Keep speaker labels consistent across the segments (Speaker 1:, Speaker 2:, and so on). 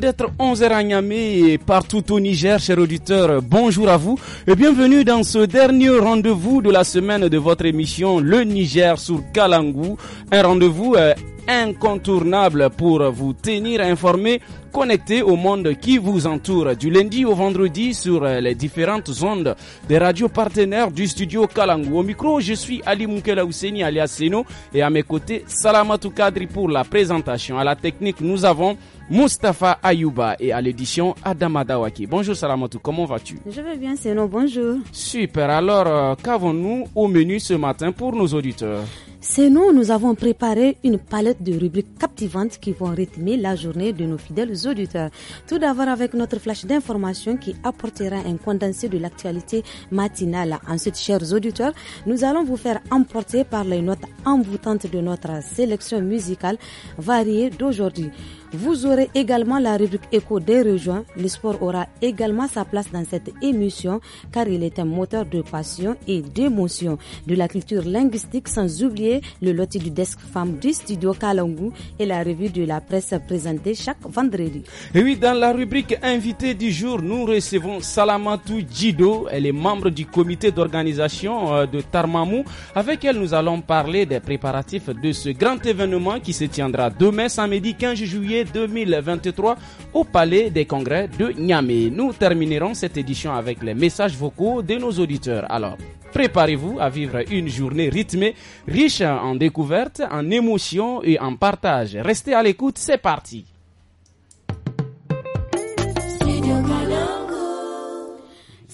Speaker 1: d'être 11h à Niamey et partout au Niger, chers auditeurs, bonjour à vous et bienvenue dans ce dernier rendez-vous de la semaine de votre émission Le Niger sur Kalangou. Un rendez-vous euh, incontournable pour vous tenir informé, connecté au monde qui vous entoure du lundi au vendredi sur euh, les différentes ondes des radios partenaires du studio Kalangu. Au micro, je suis Ali Moukela Ouseni alias Seno et à mes côtés Salamatou Kadri pour la présentation. À la technique, nous avons Mustafa Ayuba et à l'édition Adam Adawaki. Bonjour Salamatu, comment vas-tu
Speaker 2: Je vais bien, c'est nous, bonjour.
Speaker 1: Super, alors euh, qu'avons-nous au menu ce matin pour nos auditeurs
Speaker 2: c'est nous, nous avons préparé une palette de rubriques captivantes qui vont rythmer la journée de nos fidèles auditeurs. Tout d'abord avec notre flash d'information qui apportera un condensé de l'actualité matinale. Ensuite, chers auditeurs, nous allons vous faire emporter par les notes envoûtantes de notre sélection musicale variée d'aujourd'hui. Vous aurez également la rubrique écho des rejoints. Le sport aura également sa place dans cette émission car il est un moteur de passion et d'émotion. De la culture linguistique sans oublier le loti du desk femme du studio Kalangu et la revue de la presse présentée chaque vendredi.
Speaker 1: Et oui, dans la rubrique invité du jour, nous recevons Salamatou Djido. Elle est membre du comité d'organisation euh, de Tarmamou. Avec elle, nous allons parler des préparatifs de ce grand événement qui se tiendra demain samedi 15 juillet 2023 au Palais des Congrès de Niamey. Nous terminerons cette édition avec les messages vocaux de nos auditeurs. Alors, préparez-vous à vivre une journée rythmée, riche en découvertes, en émotions et en partage. Restez à l'écoute, c'est parti.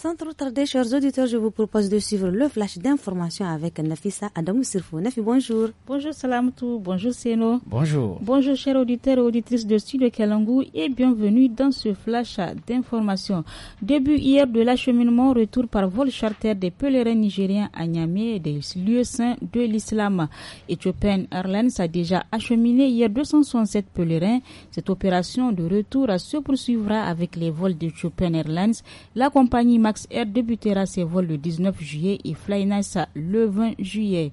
Speaker 2: Sans trop tarder, chers auditeurs, je vous
Speaker 3: propose de suivre le flash d'information avec Nafisa Adam Sirfou. Nafi, bonjour. Bonjour Salamtou, bonjour Seno. Bonjour. Bonjour chers auditeurs et auditrices de Studio Kalangou et bienvenue dans ce flash d'information. Début hier de l'acheminement, retour par vol charter des pèlerins nigériens à Niamey des lieux saints de l'islam. Ethiopian Airlines a déjà acheminé hier 267 pèlerins. Cette opération de retour se poursuivra avec les vols d'Ethiopian Airlines. La compagnie Air débutera ses vols le 19 juillet et Flynasa le 20 juillet.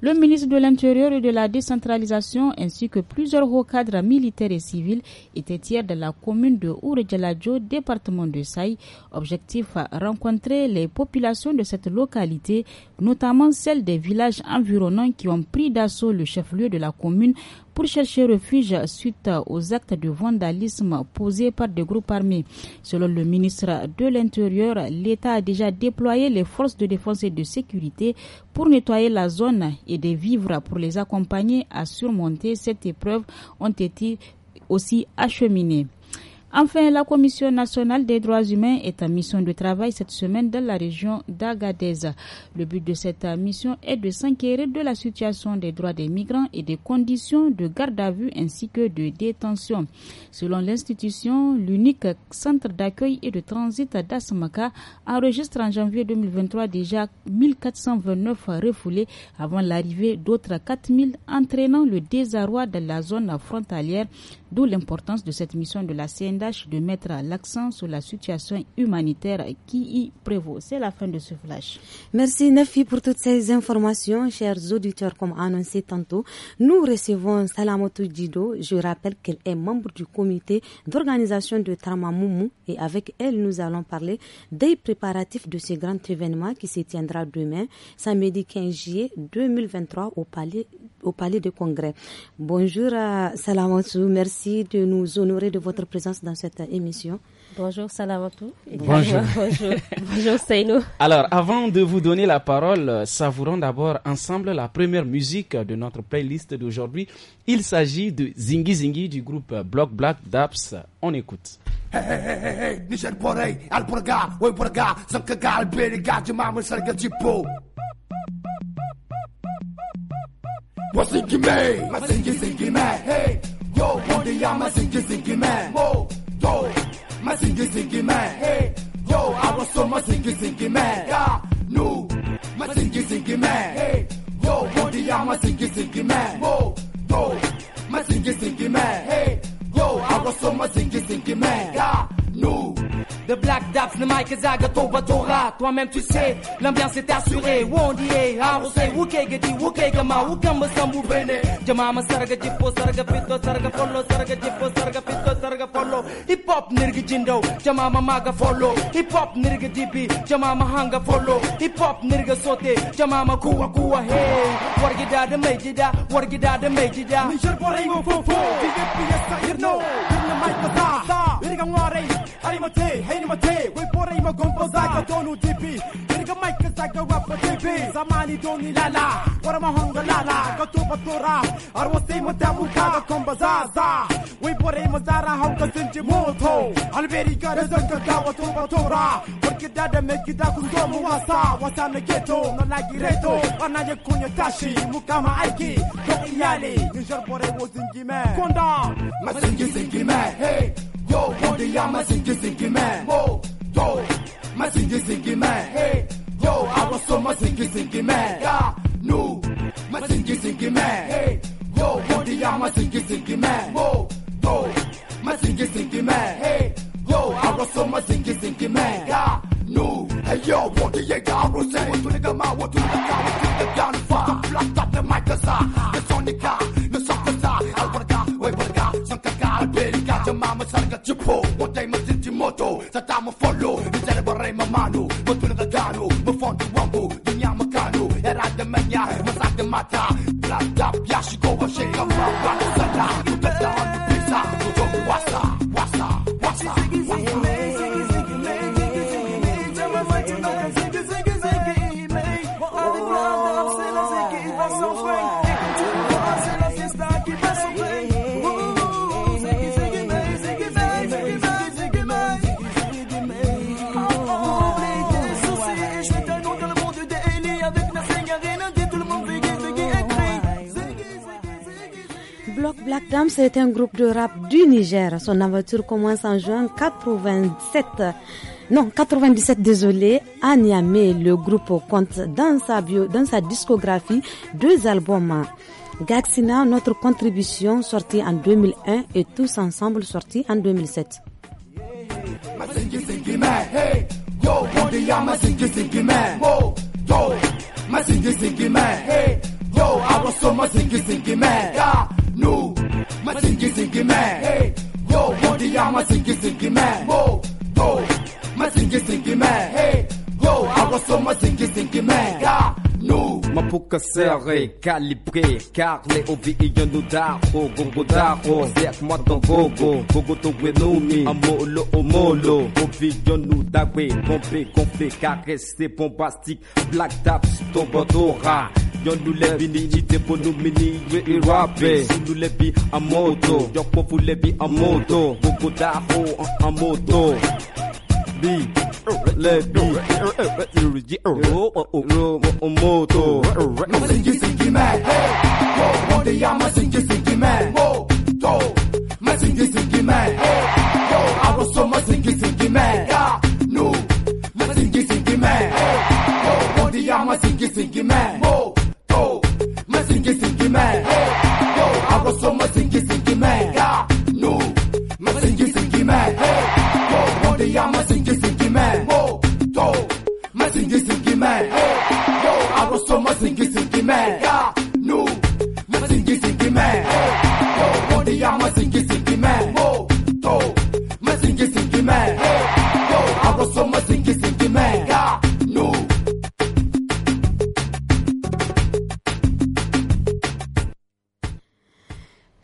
Speaker 3: Le ministre de l'Intérieur et de la décentralisation ainsi que plusieurs hauts cadres militaires et civils étaient hier de la commune de Ouredjaladjo, département de Saï. Objectif à rencontrer les populations de cette localité, notamment celles des villages environnants qui ont pris d'assaut le chef-lieu de la commune pour chercher refuge suite aux actes de vandalisme posés par des groupes armés. Selon le ministre de l'Intérieur, l'État a déjà déployé les forces de défense et de sécurité pour nettoyer la zone et des vivres pour les accompagner à surmonter cette épreuve ont été aussi acheminés. Enfin, la Commission nationale des droits humains est en mission de travail cette semaine dans la région d'Agadeza. Le but de cette mission est de s'inquiéter de la situation des droits des migrants et des conditions de garde à vue ainsi que de détention. Selon l'institution, l'unique centre d'accueil et de transit d'Asmaka enregistre en janvier 2023 déjà 1429 refoulés avant l'arrivée d'autres 4000 entraînant le désarroi de la zone frontalière, d'où l'importance de cette mission de la CND de mettre l'accent sur la situation humanitaire qui y prévaut. C'est la fin de ce flash.
Speaker 2: Merci Nafi pour toutes ces informations, chers auditeurs. Comme annoncé tantôt, nous recevons Salamoto Dido. Je rappelle qu'elle est membre du comité d'organisation de Tramamoumou et avec elle, nous allons parler des préparatifs de ce grand événement qui se tiendra demain, samedi 15 juillet 2023 au palais, au palais de congrès. Bonjour à euh, merci de nous honorer de votre présence dans cette
Speaker 4: émission. Bonjour Salamatou. Bonjour. Bonjour. Bonjour Seino.
Speaker 1: Alors, avant de vous donner la parole, euh, savourons d'abord ensemble la première musique de notre playlist d'aujourd'hui. Il s'agit de Zingi Zingi du groupe Block Black Daps. On écoute.
Speaker 5: Yo, Woody, I'm a singy, singy man. Whoa, yo, my singy, singy man. Hey, yo, I was so my singy, singy man. Yeah, no, my singy, singy man. Hey, yo, Woody, I'm a singy, singy man. Whoa, yo, my singy, singy man. Hey, yo, I was so my singy, singy man. Yeah, no de Black Daps, le Mike Zagato, Batora. Toi-même tu sais,
Speaker 6: l'ambiance est assurée. Wondi, arrosé, ah, wouké, gedi, wouké, gama, woukamba, sambou, bene. Jamama, sarga, jippo, sarga, pito, sarga, follow sarga, jippo, sarga, pito, sarga, follow. Hip hop, nirgi, jindo, jamama, maga, follow. Hip hop, nirgi, dibi, jamama, hanga, follow. Hip hop, nirgi, sote, jamama, kuwa, kuwa, hey. Wargi da, de meji da, wargi
Speaker 5: da, de meji da. Nishar, borengo, fofo, digit, piyasa, you know. Dinna, Mike, sa, sa, mate, hey mate, we put him a gumbo zaka donu Bring Nigga mic is like a rapper dipi. Zamani doni lala, what am I hunger lala? got to patura, I was same with that mukaga kumbazaza. We put him a zara hunger sinji moto. Alberi got a zaka gawa to patura. Work it out and make it out kundomu wasa. What's on the ghetto, not like ireto. Anaje kunya tashi, mukama aiki. Go iyali, nijar bore wo zingi me. Konda, masingi zingi me, hey yo, body, I'm a singy, singy man. Mo, yo, my singy, singy man. Hey, yo, I was so my singy, singy man. Yeah, no, my singy, singy man. Hey, yo, body, I'm a singy, singy man. Mo, yo, my singy, singy man. Hey, yo, I was so my singy, singy man. Yeah, no, hey, yo, body, yeah, I was saying, what to the gamma, what to the gamma, what to the gunfire, the black top, the mic, the sonic, the sonica, no soccer, I wanna go, we wanna go, some caca, mama sarga cipo Motai ma zinti moto Sata ma follow Vitale vorrei ma mano Ma tu ne gagano Ma fondi wambo Dunya ma cano Era de menya Ma sa de mata Blanda piascico Ma shake ma Bata sata Beta on the pizza Tutto wasa Wasa
Speaker 7: Wasa Wasa
Speaker 2: Black Dams est un groupe de rap du Niger. Son aventure commence en juin 87. Non, 97, désolé, à Niamey, le groupe compte dans sa, bio, dans sa discographie deux albums. Gaxina, notre contribution, sortie en 2001 et Tous Ensemble, sorti en 2007.
Speaker 5: Nou, ma zingi zingi men, hey, yo, yo diya ma zingi zingi men Mo, yo, ma zingi zingi men, hey, yo, a roso ma zingi zingi men Ga, nou, ma pou ka sere,
Speaker 8: kalibre, karle, ouvi yon nou daro, gogo daro Zerk mwa ton gogo, gogo tou we nou mi, a molo ou molo Ouvi yon nou dawe, pompe, konpe, ka reste, pompastik, blak tap, stonbo to ra yolulebi ni jitebolomini ye irabe sululebi amoto yọpọfulebi amoto gogodaho amoto bi lebi iriji
Speaker 5: omoto. Mo sinji sinji mẹ, mo de ya mo sinji mẹ, mo to mo mẹ, yo aroso mo sinji mẹ, ya nu mo sinji mẹ, yo mo de ya mo sinji mẹ, mo go. My singy singy man. Hey, yo. I was so my singy singy man. Yeah, no. My singy singy man. Hey, yo. One day I'm a singy singy man. Whoa, yo. My singy singy man. Hey, yo. I was so my singy singy man. Yeah, no. My singy singy man. Hey, yo. One day I'm a singy singy man. Whoa, yo. My singy singy man. Hey, yo. I was so my singy singy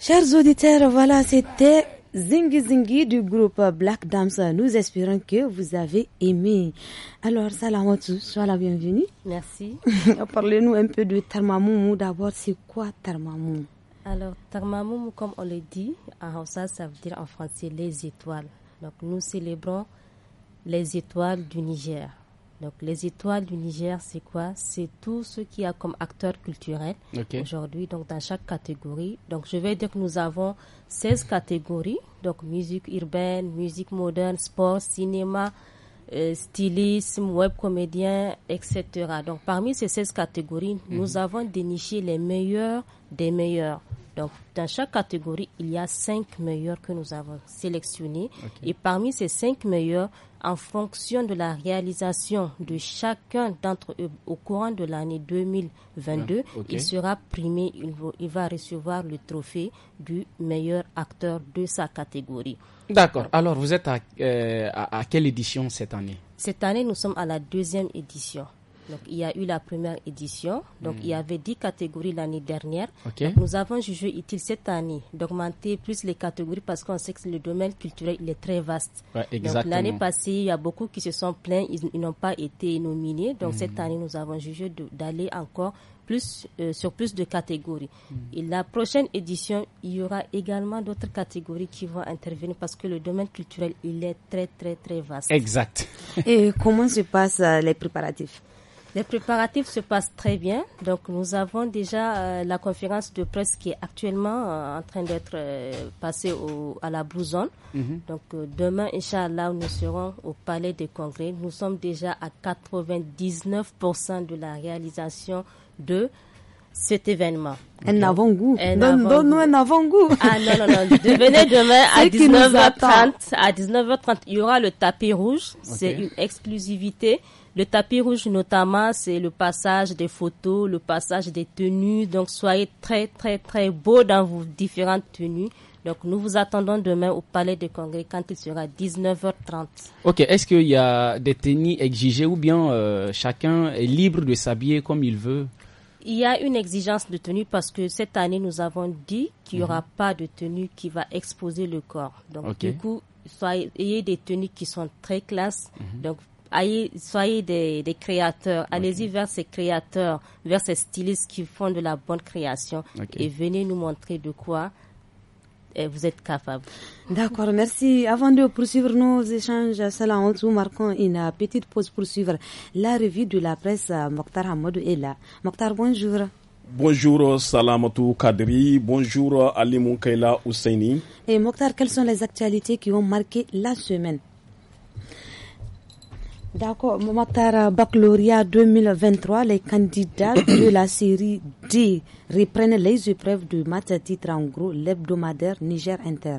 Speaker 2: Chers auditeurs, voilà, c'était Zingi Zingi du groupe Black Dams. Nous espérons que vous avez aimé. Alors, tous, sois la bienvenue. Merci. Parlez-nous un peu de Tarmamoumou. D'abord, c'est quoi Tarmamoumou
Speaker 4: Alors, Tarmamoumou, comme on le dit, ça veut dire en français les étoiles. Donc, nous célébrons les étoiles du Niger. Donc les étoiles du Niger, c'est quoi C'est tout ce qu'il y a comme acteur culturel aujourd'hui, donc dans chaque catégorie. Donc je vais dire que nous avons 16 catégories, donc musique urbaine, musique moderne, sport, cinéma, euh, stylisme, web comédien, etc. Donc parmi ces 16 catégories, mhm. nous avons déniché les meilleurs des meilleurs. Donc, dans chaque catégorie, il y a 5 meilleurs que nous avons sélectionnés. Et parmi ces 5 meilleurs, en fonction de la réalisation de chacun d'entre eux au courant de l'année 2022, ah, il sera primé, il, va recevoir le trophée du meilleur acteur de sa catégorie.
Speaker 1: D'accord. Alors, vous êtes à euh, quelle édition cette année
Speaker 4: Cette année, nous sommes à la deuxième édition. Donc, il y a eu la première édition. Donc, il y hmm. avait 10 catégories l'année dernière. nous avons jugé utile cette année d'augmenter plus les catégories parce qu'on sait que le domaine culturel il est très vaste.
Speaker 1: l'année passée,
Speaker 4: il y a beaucoup qui se sont plaints, ils, n'ont pas été nominés. Donc, cette hmm. année, nous avons jugé d'aller encore plus euh, sur plus de catégories. Hmm. Et la prochaine édition, il y aura également d'autres catégories qui vont intervenir parce que le domaine culturel, il est très, très, très vaste. Exact.
Speaker 2: Et comment se passent euh, les préparatifs
Speaker 4: les préparatifs se passent très bien. Donc, nous avons déjà euh, la conférence de presse qui est actuellement euh, en train d'être euh, passée au, à la Blouzone. Mhm. Donc, demain, Inch'Allah, nous serons au Palais des Congrès. Nous sommes déjà à 99% de la réalisation de cet événement. Un avant-goût. Donne-nous
Speaker 2: un avant-goût. Ah
Speaker 4: non, non, non. Devenez demain à 19h30. À 19h30, il y aura le tapis rouge. C'est une exclusivité. Le tapis rouge, notamment, c'est le passage des photos, le passage des tenues. Donc, soyez très, très, très beau dans vos différentes tenues. Donc, nous vous attendons demain au Palais des Congrès quand il sera 19h30.
Speaker 1: Ok, est-ce qu'il y a des tenues exigées ou bien euh, chacun est libre de s'habiller comme il veut
Speaker 4: il y a une exigence de tenue parce que cette année, nous avons dit qu'il n'y aura mhm. pas de tenue qui va exposer le corps. Donc, du coup, soyez, ayez des tenues qui sont très classes. Mhm. Donc, soyez des, créateurs. Allez-y vers ces créateurs, vers ces stylistes qui font de la bonne création. Et venez nous montrer de quoi eh, vous êtes capable.
Speaker 2: D'accord, merci. Avant de poursuivre nos échanges, Salah nous marquons une petite pause pour suivre la revue de la presse. Mokhtar Hamadou est là. Mokhtar, bonjour.
Speaker 9: Bonjour Salamatou Kadri, bonjour Ali Moukaila Ousseini.
Speaker 2: Et Mokhtar, quelles sont les actualités qui ont marqué la semaine D'accord, Momatar Baccalauréat 2023, les candidats de la série D reprennent les épreuves de à titre en gros l'hebdomadaire Niger Inter.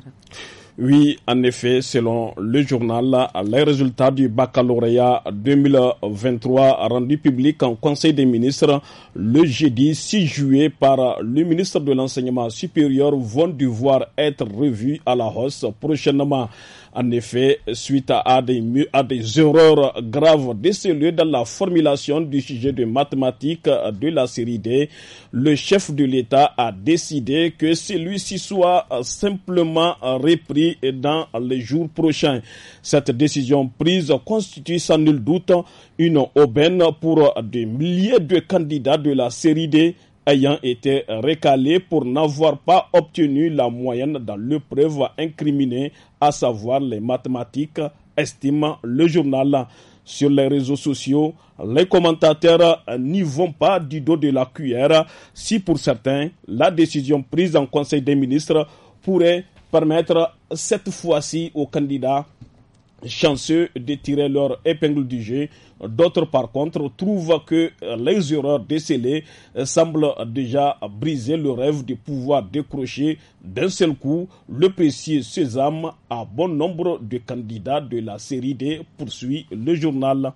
Speaker 9: Oui, en effet, selon le journal, les résultats du baccalauréat 2023 rendus publics en Conseil des ministres le jeudi 6 juillet par le ministre de l'Enseignement supérieur vont devoir être revus à la hausse prochainement. En effet, suite à, des, erreurs graves décelées dans la formulation du sujet de mathématiques de la série D, le chef de l'État a décidé que celui-ci soit simplement repris dans les jours prochains. Cette décision prise constitue sans nul doute une aubaine pour des milliers de candidats de la série D ayant été récalé pour n'avoir pas obtenu la moyenne dans l'épreuve incriminée, à savoir les mathématiques, estime le journal. Sur les réseaux sociaux, les commentateurs n'y vont pas du dos de la cuillère si pour certains, la décision prise en Conseil des ministres pourrait permettre cette fois-ci aux candidats chanceux de tirer leur épingle du jeu. D'autres, par contre, trouvent que les erreurs décelées euh, semblent déjà briser le rêve de pouvoir décrocher d'un seul coup le précieux sésame à bon nombre de candidats de la série D, poursuit le journal.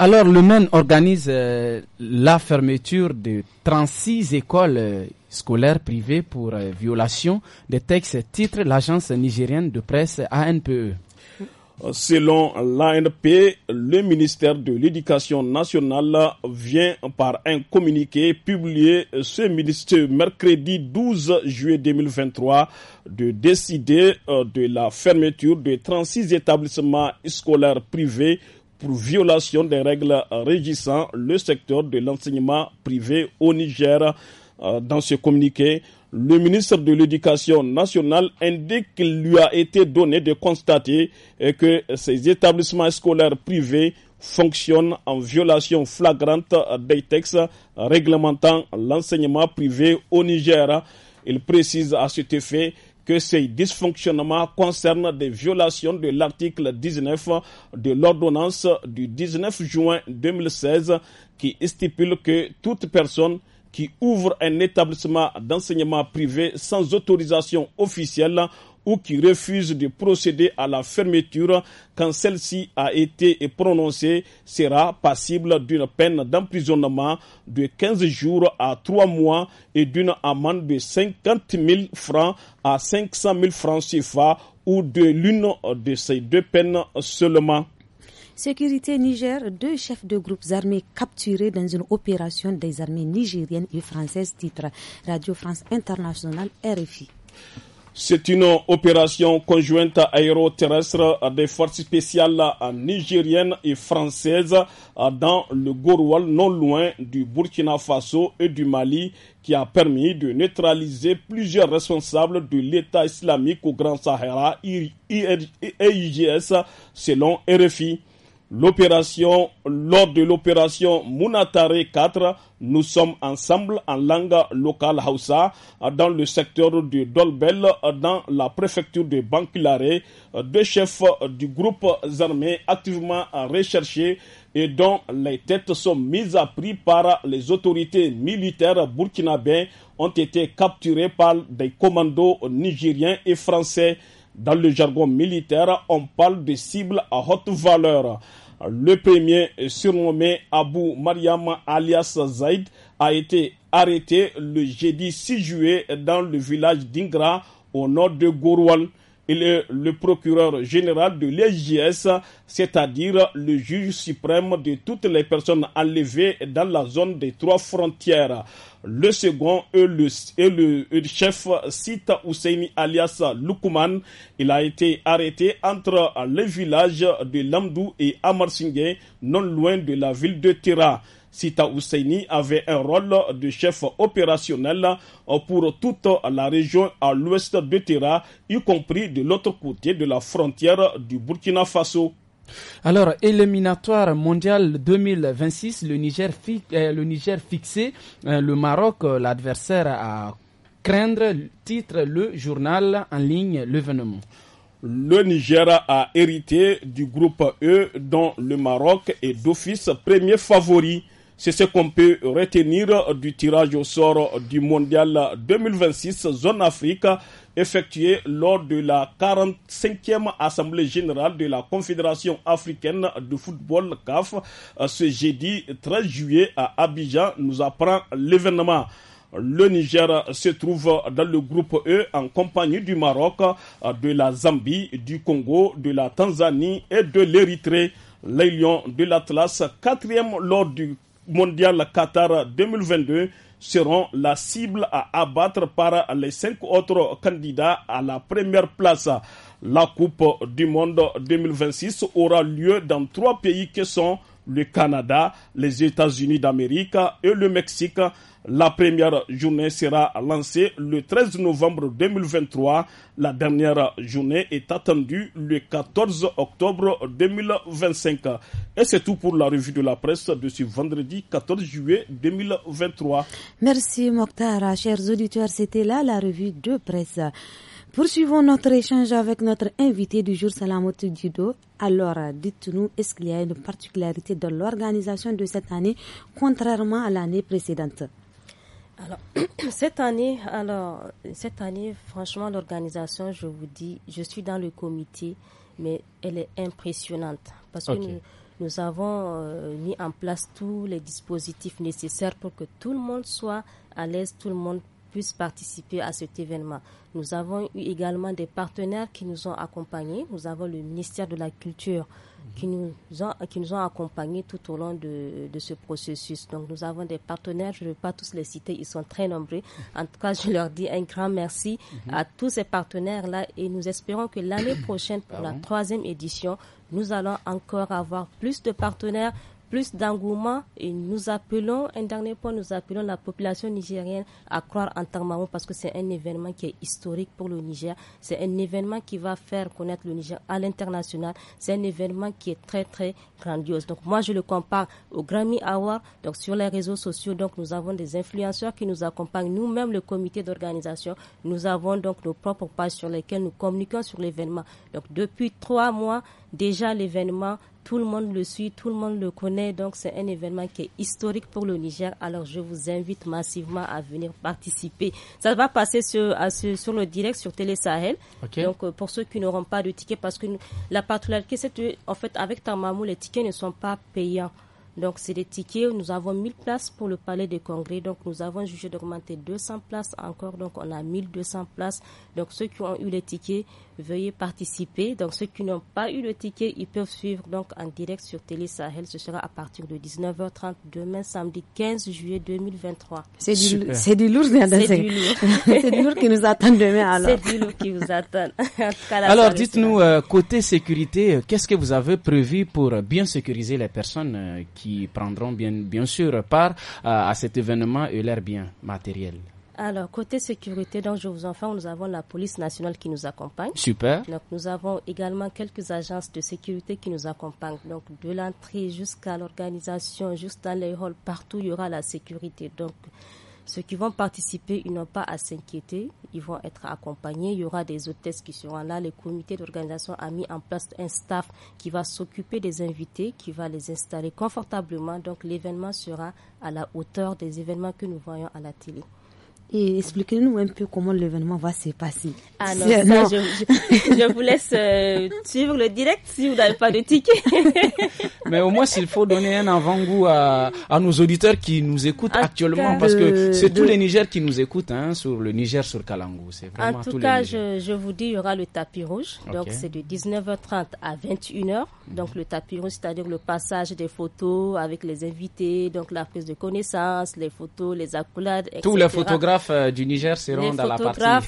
Speaker 9: Alors, le MEN
Speaker 1: e organise euh, la fermeture de 36 écoles euh, scolaires privées pour violation des textes, titre l'agence nigérienne de presse ANPE.
Speaker 9: Selon l'ANP, le ministère de l'Éducation nationale vient par un communiqué publié ce ministère mercredi 12 juillet 2023 de décider euh, de la fermeture de 36 établissements scolaires privés pour violation des règles régissant le secteur de l'enseignement privé au Niger. Euh, dans ce communiqué, le ministre de l'Éducation nationale indique qu'il lui a été donné de constater euh, que ces établissements scolaires privés fonctionnent en violation flagrante des textes réglementant l'enseignement privé au Niger. Il précise à cet effet que ces dysfonctionnements concernent des violations de l'article 19 de l'ordonnance du 19 juin 2016 qui stipule que toute personne qui ouvre un établissement d'enseignement privé sans autorisation officielle ou qui refuse de procéder à la fermeture quand celle-ci a été prononcée sera passible d'une peine d'emprisonnement de 15 jours à 3 mois et d'une amende de 50 000 francs à 500 000 francs CFA ou de l'une de ces deux peines seulement.
Speaker 2: Sécurité Niger, deux chefs de groupes armés capturés dans une opération des armées nigériennes et françaises, titre Radio France Internationale RFI.
Speaker 9: C'est une opération conjointe aéroterrestre des forces spéciales nigériennes et françaises dans le Gorwal, non loin du Burkina Faso et du Mali, qui a permis de neutraliser plusieurs responsables de l'État islamique au Grand Sahara, IGS, selon RFI l'opération, lors de l'opération Munatare 4, nous sommes ensemble en langue locale Hausa dans le secteur de Dolbel, dans la préfecture de Banculare, deux chefs du groupe armé activement recherchés et dont les têtes sont mises à prix par les autorités militaires burkinabè ont été capturés par des commandos nigériens et français dans le jargon militaire, on parle de cibles à haute valeur. Le premier, surnommé Abu Mariam alias Zaid, a été arrêté le jeudi 6 juillet dans le village d'Ingra au nord de Gourouane. Il est le procureur général de l'EJS, c'est-à-dire le juge suprême de toutes les personnes enlevées dans la zone des trois frontières. Le second est le, chef Sita Husseini alias Lukuman. Il a été arrêté entre les villages de Lamdou et Amarsingé, non loin de la ville de Tira. Sita Husseini avait un rôle de chef opérationnel pour toute la région à l'ouest de Terra, y compris de l'autre côté de la frontière du Burkina Faso.
Speaker 1: Alors, éliminatoire mondial 2026, le Niger, euh, le Niger fixé, euh, le Maroc, euh, l'adversaire à craindre, titre le journal en ligne L'événement.
Speaker 9: Le Niger a hérité du groupe E dont le Maroc est d'office premier favori. C'est ce qu'on peut retenir du tirage au sort du Mondial 2026 Zone Afrique effectué lors de la 45e Assemblée générale de la Confédération africaine de football CAF ce jeudi 13 juillet à Abidjan, nous apprend l'événement. Le Niger se trouve dans le groupe E en compagnie du Maroc, de la Zambie, du Congo, de la Tanzanie et de l'Érythrée. Les Lions de l'Atlas, quatrième lors du mondiale Qatar 2022 seront la cible à abattre par les cinq autres candidats à la première place. La Coupe du Monde 2026 aura lieu dans trois pays qui sont le Canada, les États-Unis d'Amérique et le Mexique. La première journée sera lancée le 13 novembre 2023. La dernière journée est attendue le 14 octobre 2025. Et c'est tout pour la revue de la presse de ce vendredi 14 juillet 2023.
Speaker 2: Merci Mokhtar. Chers auditeurs, c'était là la revue de presse. Poursuivons notre échange avec notre invité du jour, Salamoto Dido. Alors, dites-nous, est-ce qu'il y a une particularité dans l'organisation de cette année, contrairement à l'année précédente
Speaker 4: alors, cette année, alors, cette année, franchement, l'organisation, je vous dis, je suis dans le comité, mais elle est impressionnante parce que nous, avons euh, mis en place tous les dispositifs nécessaires pour que tout le monde soit à l'aise, tout le monde puisse participer à cet événement. Nous avons eu également des partenaires qui nous ont accompagnés. Nous avons le ministère de la Culture qui nous ont, qui nous accompagnés tout au long de, de, ce processus. Donc nous avons des partenaires, je ne vais pas tous les citer, ils sont très nombreux. En tout cas, je leur dis un grand merci mhm. à tous ces partenaires-là et nous espérons que l'année prochaine, pour la troisième édition, nous allons encore avoir plus de partenaires, plus d'engouement et nous appelons, un dernier point, nous appelons la population nigérienne à croire en Tangmamo parce que c'est un événement qui est historique pour le Niger. C'est un événement qui va faire connaître le Niger à l'international. C'est un événement qui est très, très grandiose. Donc, moi, je le compare au Grammy Award. Donc, sur les réseaux sociaux, donc, nous avons des influenceurs qui nous accompagnent. Nous-mêmes, le comité d'organisation, nous avons donc nos propres pages sur lesquelles nous communiquons sur l'événement. Donc, depuis trois mois, Déjà, l'événement, tout le monde le suit, tout le monde le connaît, donc c'est un événement qui est historique pour le Niger. Alors, je vous invite massivement à venir participer. Ça va passer sur, le direct sur Télé Sahel. Donc, euh, pour ceux qui n'auront pas de ticket, parce que la particularité, c'est en fait, avec Tamamou, les tickets ne sont pas payants. Donc, c'est des tickets. Nous avons 1000 places pour le palais des congrès. Donc, nous avons jugé d'augmenter 200 places encore. Donc, on a 1200 places. Donc, ceux qui ont eu les tickets, veuillez participer. Donc, ceux qui n'ont pas eu le ticket, ils peuvent suivre donc en direct sur Télé Sahel. Ce sera à partir de 19h30 demain, samedi 15 juillet 2023. C'est du, du lourd, C'est du
Speaker 1: c'est
Speaker 7: du lourd qui
Speaker 2: nous attend demain, alors. C'est du
Speaker 4: lourd qui vous attend.
Speaker 2: alors, dites-nous,
Speaker 1: euh, côté sécurité, euh, qu'est-ce que vous avez prévu pour bien sécuriser les personnes euh, qui prendront bien, bien sûr part euh, à, cet événement et l'air bien matériel.
Speaker 4: Alors, côté sécurité, donc, je vous fais, nous avons la police nationale qui nous accompagne. Super. Donc, nous avons également quelques agences de sécurité qui nous accompagnent. Donc, de l'entrée jusqu'à l'organisation, juste dans les halls, partout, il y aura la sécurité. Donc, ceux qui vont participer, ils n'ont pas à s'inquiéter. Ils vont être accompagnés. Il y aura des hôtesses qui seront là. Le comité d'organisation a mis en place un staff qui va s'occuper des invités, qui va les installer confortablement. Donc l'événement sera à la hauteur des événements que nous voyons à la télé.
Speaker 2: Et expliquez-nous un peu comment l'événement va se passer. Alors, ah Je,
Speaker 4: je, vous laisse euh, suivre le direct si vous n'avez pas de ticket.
Speaker 1: Mais au moins, s'il faut donner un avant-goût à, nos auditeurs qui nous écoutent actuellement, parce que c'est tous les Niger qui nous écoutent hein, sur le Niger sur Kalangou. En tout cas, je,
Speaker 4: vous dis, il y aura le tapis rouge. Donc, c'est de 19h30 à 21h. Mhm. Donc, le tapis rouge, c'est-à-dire le passage des photos avec les invités, donc la prise de connaissances les photos, les accolades, etc. Tous les photographes
Speaker 1: euh, du Niger les dans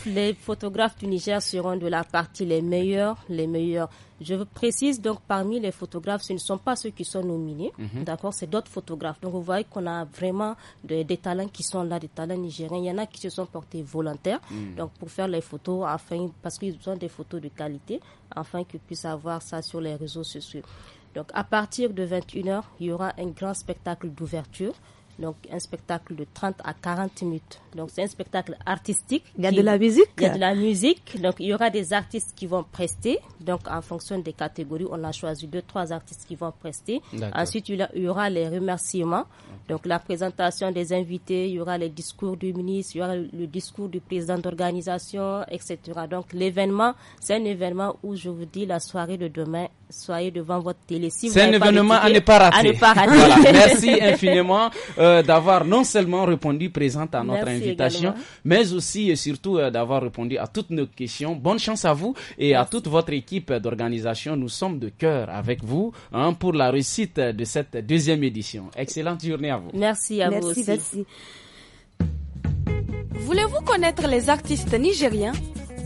Speaker 4: Les photographes du Niger seront de la partie les meilleurs, les meilleurs. Je précise donc parmi les photographes, ce ne sont pas ceux qui sont nominés, mhm. d'accord, c'est d'autres photographes. Donc vous voyez qu'on a vraiment des talents qui sont là, des talents nigériens. Il y en a qui se sont portés volontaires, mhm. donc pour faire les photos, afin, parce qu'ils ont des photos de qualité, afin qu'ils puissent avoir ça sur les réseaux sociaux. Donc à partir de 21h, il y aura un grand spectacle d'ouverture. Donc, un spectacle de 30 à 40 minutes. Donc, c'est un spectacle artistique. Il y a de la musique. Il y a de la musique. Donc, il y aura des artistes qui vont prester. Donc, en fonction des catégories, on a choisi deux, trois artistes qui vont prester. Ensuite, il y aura les remerciements. Donc, la présentation des invités, il y aura les discours du ministre, il y aura le discours du président d'organisation, etc. Donc, l'événement, c'est un événement où je vous dis la soirée de demain soyez devant votre télé. C'est un événement à ne pas rater. Merci infiniment
Speaker 1: euh, d'avoir non seulement répondu présente à notre invitation, mais aussi et surtout euh, d'avoir répondu à toutes nos questions. Bonne chance à vous et à toute votre équipe d'organisation. Nous sommes de cœur avec vous hein, pour la réussite de cette deuxième édition. Excellente
Speaker 8: journée à vous.
Speaker 10: Merci à vous aussi. Voulez-vous connaître les artistes nigériens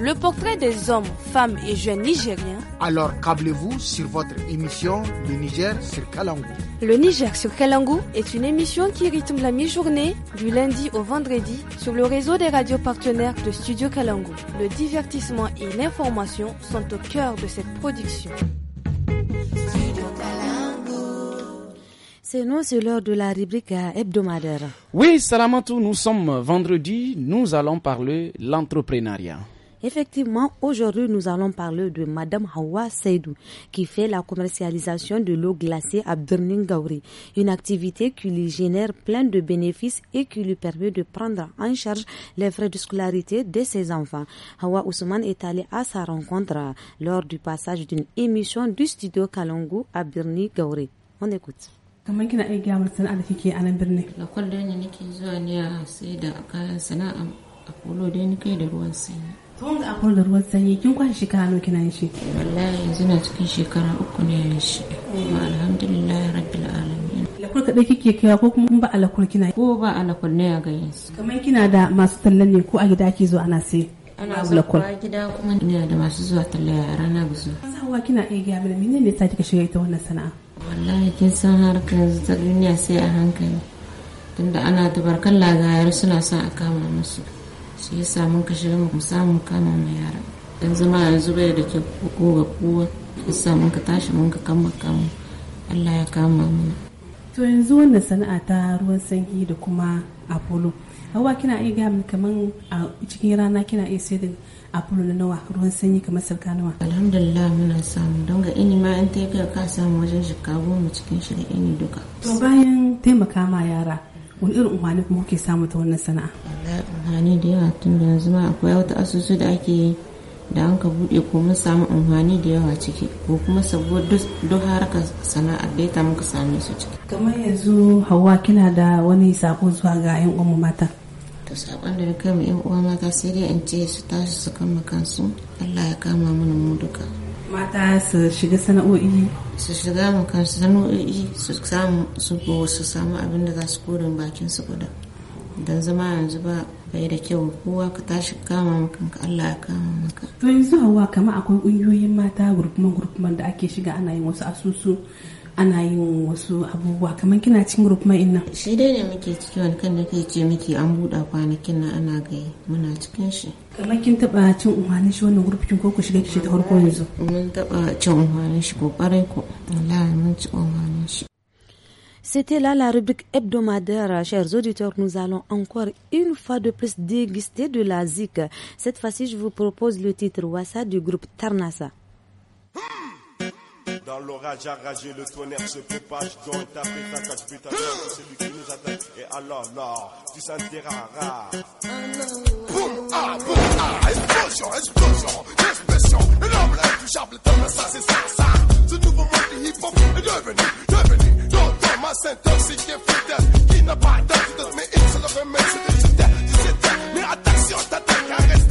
Speaker 10: le portrait des hommes, femmes et jeunes nigériens.
Speaker 8: Alors câblez-vous sur votre émission Le Niger sur Kalangou.
Speaker 10: Le Niger sur Kalangou est une émission qui rythme la mi-journée du lundi au vendredi sur le réseau des radios partenaires de Studio Kalangou. Le divertissement et l'information sont au cœur de cette production.
Speaker 2: C'est nous, c'est l'heure de la rubrique hebdomadaire.
Speaker 1: Oui, Salamatou, nous sommes vendredi, nous allons parler l'entrepreneuriat.
Speaker 2: Effectivement, aujourd'hui, nous allons parler de Madame Hawa Seydou, qui fait la commercialisation de l'eau glacée à Birningauri, une activité qui lui génère plein de bénéfices et qui lui permet de prendre en charge les frais de scolarité de ses enfants. Hawa Ousmane est allée à sa rencontre lors du passage d'une émission du studio Kalongo à Birningauri. On écoute. tun ga akwai da
Speaker 11: ruwan sanyi kin kwan shi kano kina shi wallahi yanzu na cikin shekara uku ne ya shi kuma alhamdulillah rabbil alamin lakur kaɗai kike kaya ko kuma ba alakur kina ko ba alakur ne a gayin su kamar kina da
Speaker 10: masu tallan ne ko a gida ke zo ana sai
Speaker 11: ana zuwa gida kuma ina da masu zuwa talla rana na bizu sawa kina iya gaya mana
Speaker 10: menene ne sa kika shiga ita wannan sana'a
Speaker 11: wallahi kin san harkar yanzu ta duniya sai a hankali tunda ana tabarkan lagayar suna son a kama musu su ya samun ka mu samu kama mu yara dan zama yanzu bai da kyau ko ga kowa yasa mun ka tashi mun ka kama kama Allah ya kama mu
Speaker 10: to yanzu wannan sana'a ta ruwan sanyi da kuma apollo hawa kina iya gami kaman a cikin rana kina iya sai da apollo na nawa ruwan sanyi kamar sarka nawa alhamdulillah muna samu don ga ini ma in ta ka samu wajen
Speaker 11: shika mu cikin shirin ini duka
Speaker 10: to bayan taimaka ma yara wani irin umarni kuma
Speaker 11: kuke samu ta wannan sana'a umarni da yawa tun da yanzu ma akwai wata asusu da ake da an ka buɗe ko mun samu umarni da yawa ciki ko kuma sabuwar duk harkar sana'ar da ya muka same su ciki kamar yanzu hawa kina da wani sako zuwa ga 'yan uwan mata to sakon da na kai ma 'yan uwa mata sai dai in ce su tashi su kama kansu allah ya kama mana mu duka mata su shiga sana'o'i su shiga mukan sana'o'i su samu su samu abin da za su kodin bakin su guda don zama yanzu ba bai da kyau kowa ka tashi kama maka ka Allah ya kama maka
Speaker 10: to yanzu hawa kama akwai kungiyoyin mata gurkuman gurkuman da ake shiga ana yin wasu asusu
Speaker 11: ana yin wasu abubuwa kamar kina cikin group mai nan shi dai ne muke ciki wani kan da kai ce miki an buɗa kwanakin nan ana gaye muna cikin shi
Speaker 10: kamar kin taɓa cin umarnin shi
Speaker 11: wannan groupin ko ku shiga kishi ta farko yanzu mun taɓa cin umarnin shi kokarin ko wallahi mun ci umarnin shi
Speaker 2: C'était là la rubrique hebdomadaire. Chers auditeurs, nous allons encore une fois de plus déguster de la zik. Cette fois-ci, je vous propose le titre Wassa du groupe Tarnasa.
Speaker 9: Dans l'orage arragé, le tonnerre se propage. Donc ta pétaque, but à celui qui nous attaque. Et alors, là, tu s'enterraras.
Speaker 7: Boum, ah, boum, ah, explosion,
Speaker 9: explosion,
Speaker 5: expression. Énorme, intouchable, comme ça, c'est ça, ça. Ce nouveau monde du hip-hop est devenu, devenu. Dans ma qu'il est fidèle. Qui n'a pas d'âge, mais il se le remet, c'est des mais attention, t'attaques, arrête.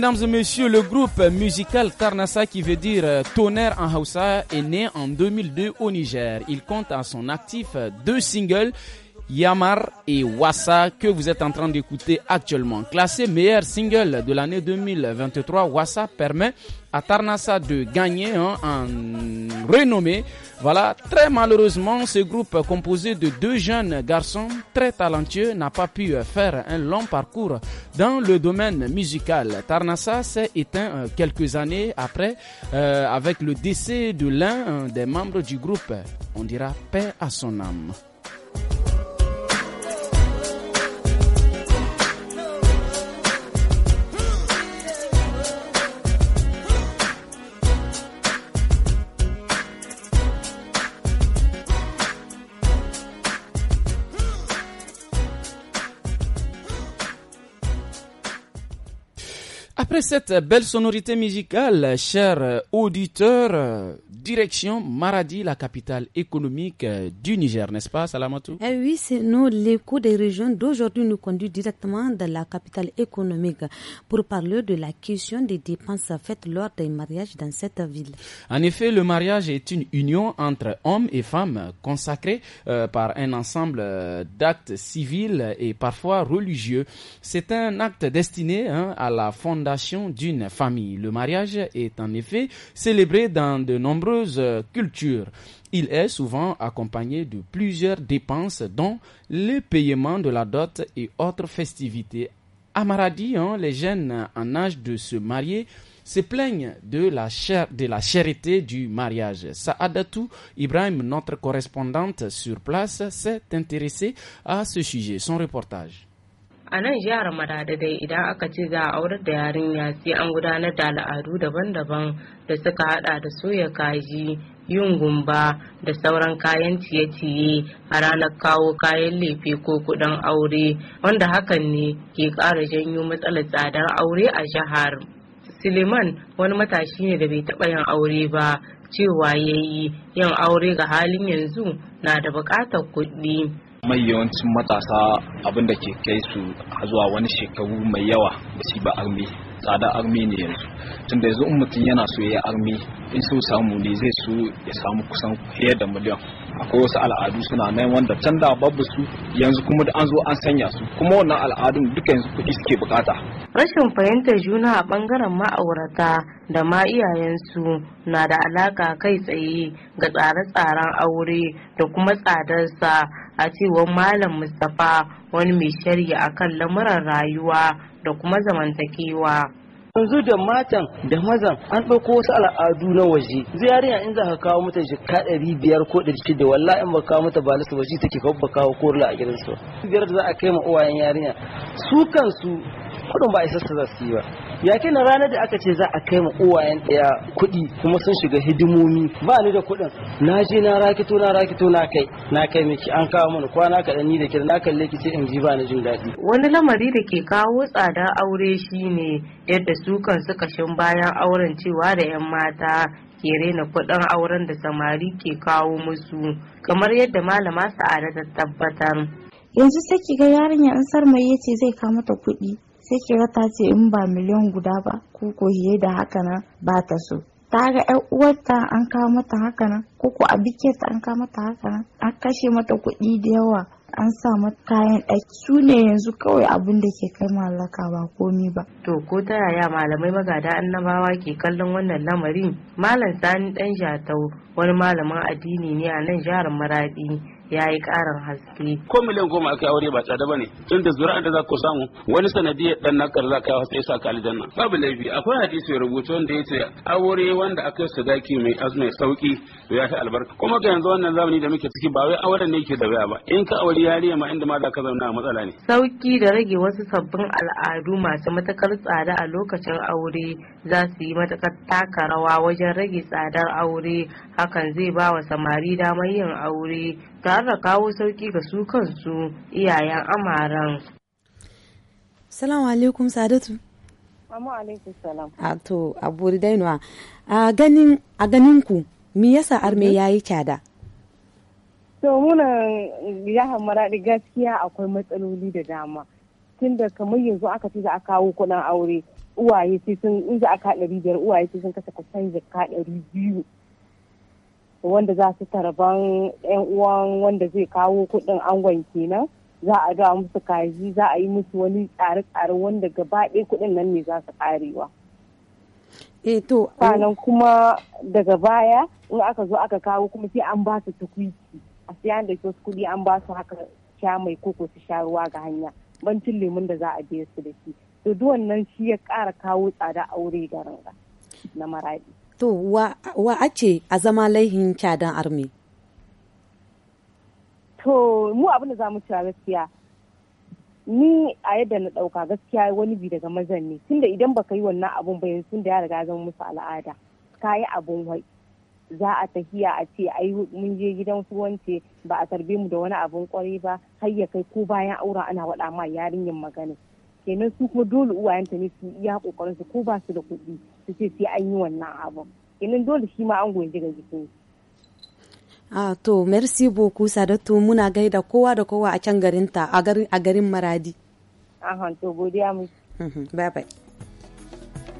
Speaker 1: mesdames et messieurs, le groupe musical Tarnassa, qui veut dire euh, tonnerre en Hausa, est né en 2002 au Niger. Il compte à son actif euh, deux singles. Yamar et Wassa que vous êtes en train d'écouter actuellement. Classé meilleur single de l'année 2023, Wassa permet à Tarnassa de gagner hein, en renommée voilà, très malheureusement, ce groupe composé de deux jeunes garçons très talentueux n'a pas pu faire un long parcours dans le domaine musical. Tarnassa s'est éteint euh, quelques années après euh, avec le décès de l'un des membres du groupe. On dira paix à son âme. cette belle sonorité musicale, cher auditeur direction Maradi, la capitale économique euh, du Niger, n'est-ce pas, Salamatou
Speaker 2: eh Oui, c'est nous. L'écho des régions d'aujourd'hui nous conduit directement dans la capitale économique pour parler de la question des dépenses faites lors des mariages dans cette ville.
Speaker 1: En effet, le mariage est une union entre hommes et femmes consacrée euh, par un ensemble euh, d'actes civils et parfois religieux. C'est un acte destiné hein, à la fondation d'une famille. Le mariage est en effet célébré dans de nombreux culture. Il est souvent accompagné de plusieurs dépenses dont le paiement de la dot et autres festivités. À Maradi, hein, les jeunes en âge de se marier se plaignent de la, chair, de la charité du mariage. Saadatou Ibrahim, notre correspondante sur place, s'est intéressée à ce sujet. Son reportage.
Speaker 12: a nan jihar madada dai idan aka ce za a aurar da yarinya sai an gudanar da al'adu daban-daban da suka hada da soya kaji yin gumba da sauran kayan ciye-ciye a ranar kawo kayan lefe ko kudin aure wanda hakan ne ke ƙara janyo matsalar tsadar aure a jihar suleiman wani matashi ne da bai taɓa yin aure ba cewa ya yi yin aure ga halin yanzu na da bukatar kuɗi
Speaker 1: mai yawancin matasa abinda ke kai su zuwa wani shekaru mai yawa da shi ba armi tsada armi ne
Speaker 9: yanzu tunda yanzu mutum yana so ya armi in so samu ne zai so ya samu kusan fiye da miliyan akwai wasu al'adu suna nan wanda can da babu su yanzu kuma da an zo an sanya su kuma wannan al'adun duka yanzu kuɗi suke bukata
Speaker 12: rashin fahimtar juna a bangaren ma'aurata da ma iyayensu na da alaka kai tsaye ga tsare-tsaren aure da kuma tsadarsa a cewar malam mustapha wani mai shari'a akan lamuran rayuwa da kuma zamantakewa yanzu da matan da mazan an ɗauko wasu al'adu na waje ziyariya in za ka kawo mata jaka ɗari biyar ko ɗari shida walla in ba kawo mata ba lissa waje take kawo ba kawo korla a gidansu biyar da za a kai ma uwayen yarinya su kansu kuɗin ba a isa su za su yi ba ya kina ranar da aka ce za a kai ma uwayen ɗaya kuɗi kuma sun shiga hidimomi ba ni da kuɗin na je na rakito na rakito na kai na kai miki an kawo mana kwana kaɗan ni da kira na kalle ki ce in ji ba ni jin daɗi. wani lamari da ke kawo tsada aure shine yadda su kan suka shin bayan auren cewa da 'yan mata ke raina kuɗin auren da samari ke kawo musu kamar yadda malama sa'ada ta tabbatar. yanzu sai ki ga
Speaker 3: yarinya in sarmaye ce zai kawo mata kuɗi sai kira ta ce in ba miliyan guda ba ko ko hiye da haka nan ba ta so ta ga yar uwarta an kawo mata haka nan ko ko a bikinta an kawo mata haka nan an kashe mata kuɗi da yawa an sa mata kayan ɗaki su ne yanzu kawai abin da ke kai mallaka ba komi ba.
Speaker 12: To ko ta yaya malamai magada annabawa ke kallon wannan lamarin malam sani ɗan jatau wani malamin addini ne a nan jihar maradi ya yi ƙarin haske.
Speaker 13: Ko miliyan goma aka aure ba tsada ba ne inda da inda za ku samu wani sanadiyar ɗan nakar za ka sai sa ka aljanna. Babu laifi akwai hadisi rubutu wanda ya ce aure wanda aka sadaki mai azumi sauki ya fi albarka. Kuma ga yanzu wannan zamani da muke ciki ba wai auren ne yake da waya ba in ka aure yariya ma inda ma za ka zauna a matsala ne.
Speaker 12: Sauki da rage wasu sabbin al'adu masu matakar tsada a lokacin aure za su yi matakar taka rawa wajen rage tsadar aure hakan zai ba wa samari damar yin aure. ta tare da kawo sauki ga su kansu iyayen amaran. Salamu alaikum Sadatu.
Speaker 14: Amma alaikum salam.
Speaker 2: A ah, to a dainuwa. A ganin a ganin ku me yasa arme eh? yi kyada?
Speaker 14: To muna ya da gaskiya akwai matsaloli da dama. Tunda kamar yanzu aka ce za a kawo kuɗin aure uwaye sai sun in za a ka ɗari biyar uwaye sai sun kasa kusan jaka ɗari biyu wanda za su tarban yan uwan wanda zai kawo kuɗin angon kenan za a da musu kaji za a yi musu wani tsare-tsare wanda gaba ɗaya kuɗin nan ne za su karewa. E eh, to. Sannan kuma daga baya in aka zo aka kawo kuma sai an ba su tukuici a siyan da su kuɗi an ba su haka sha mai koko su sha ruwa ga hanya bancin lemun da za a biya su da shi. To duk wannan shi ya ƙara kawo tsada aure garin na maraɗi.
Speaker 2: to wa a ce a zama laihin kyadan armi
Speaker 14: to mu abin da za mu cewa gaskiya ni a yadda na ɗauka gaskiya wani bi daga mazan ne tunda idan baka yi wannan abun ba yanzu da ya riga zama musu al'ada ka yi abun wai za a tafiya a ce ai mun je gidan su wance ba a tarbe mu da wani abun kwarai ba har ya kai ko bayan auren ana waɗa ma yarinyar magana kenan su kuma dole uwayenta ne su iya kokarin su ko ba su da kuɗi su ce sai an yi wannan abin kenan dole shi ma an goyi daga jikin
Speaker 2: Ah, to merci beaucoup Sadatu muna gaida kowa da kowa a can garinta a garin maradi.
Speaker 14: to godiya mu. Mhm, bye bye.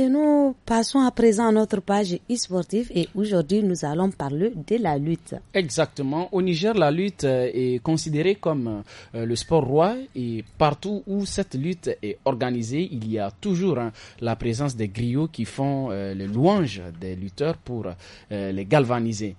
Speaker 2: nous. Passons à présent à notre page e-sportive et aujourd'hui nous allons parler de la lutte.
Speaker 1: Exactement. Au Niger, la lutte euh, est considérée comme euh, le sport roi et partout où cette lutte est organisée, il y a toujours hein, la présence des griots qui font euh, les louanges des lutteurs pour les galvaniser.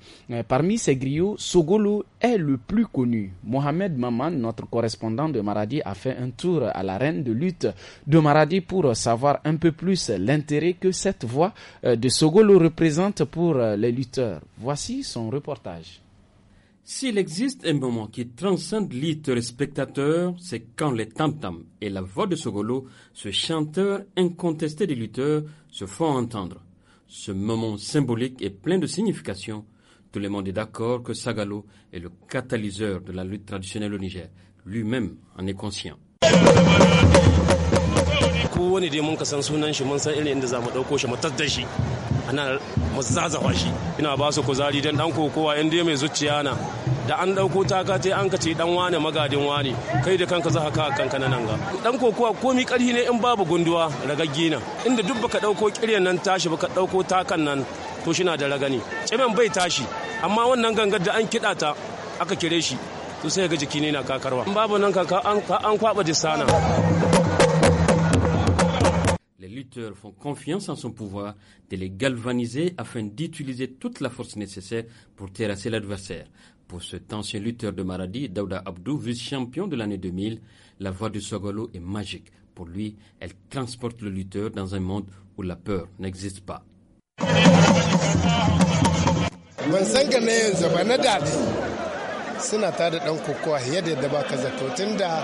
Speaker 1: Parmi ces griots, Sogolo est le plus connu. Mohamed Maman, notre correspondant de Maradi, a fait un tour à l'arène de lutte de Maradi pour savoir un peu plus l'intérêt que cette voix euh, de Sogolo représente pour euh, les lutteurs. Voici son reportage.
Speaker 15: S'il existe un moment qui transcende l'île spectateur, c'est quand les tam tam et la voix de Sogolo, ce chanteur incontesté des lutteurs, se font entendre. Ce moment symbolique est plein de signification. Tout le monde est d'accord que Sagalo est le catalyseur de la lutte traditionnelle au Niger. Lui-même en est conscient.
Speaker 1: ko wani dai mun san sunan shi mun san irin inda za mu ɗauko shi mu tadda shi ana mu zazzafa shi ina ba su kuzari dan dan kokowa in dai mai zuciya na da an ɗauko taka ta an ka ce dan wane magadin wane kai da kanka za ka kanka na nan ga dan kokowa komi ƙarfi ne in babu gunduwa ragaggi na inda duk baka ɗauko ƙiryan nan tashi baka ɗauko takan nan to shi na da ragani cimen bai tashi amma wannan gangar da an kiɗa ta aka kire shi to sai ga jiki ne na kakarwa in babu nan kaka an kwaɓa
Speaker 15: disana lutteurs font confiance en son pouvoir de les galvaniser afin d'utiliser toute la force nécessaire pour terrasser l'adversaire. Pour cet ancien lutteur de Maradi, Daouda Abdou, vice-champion de l'année 2000, la voix du Sogolo est magique. Pour lui, elle transporte le lutteur dans un monde où la peur n'existe pas.
Speaker 8: suna ta da dan kokowa yadda da ba ka zato tun da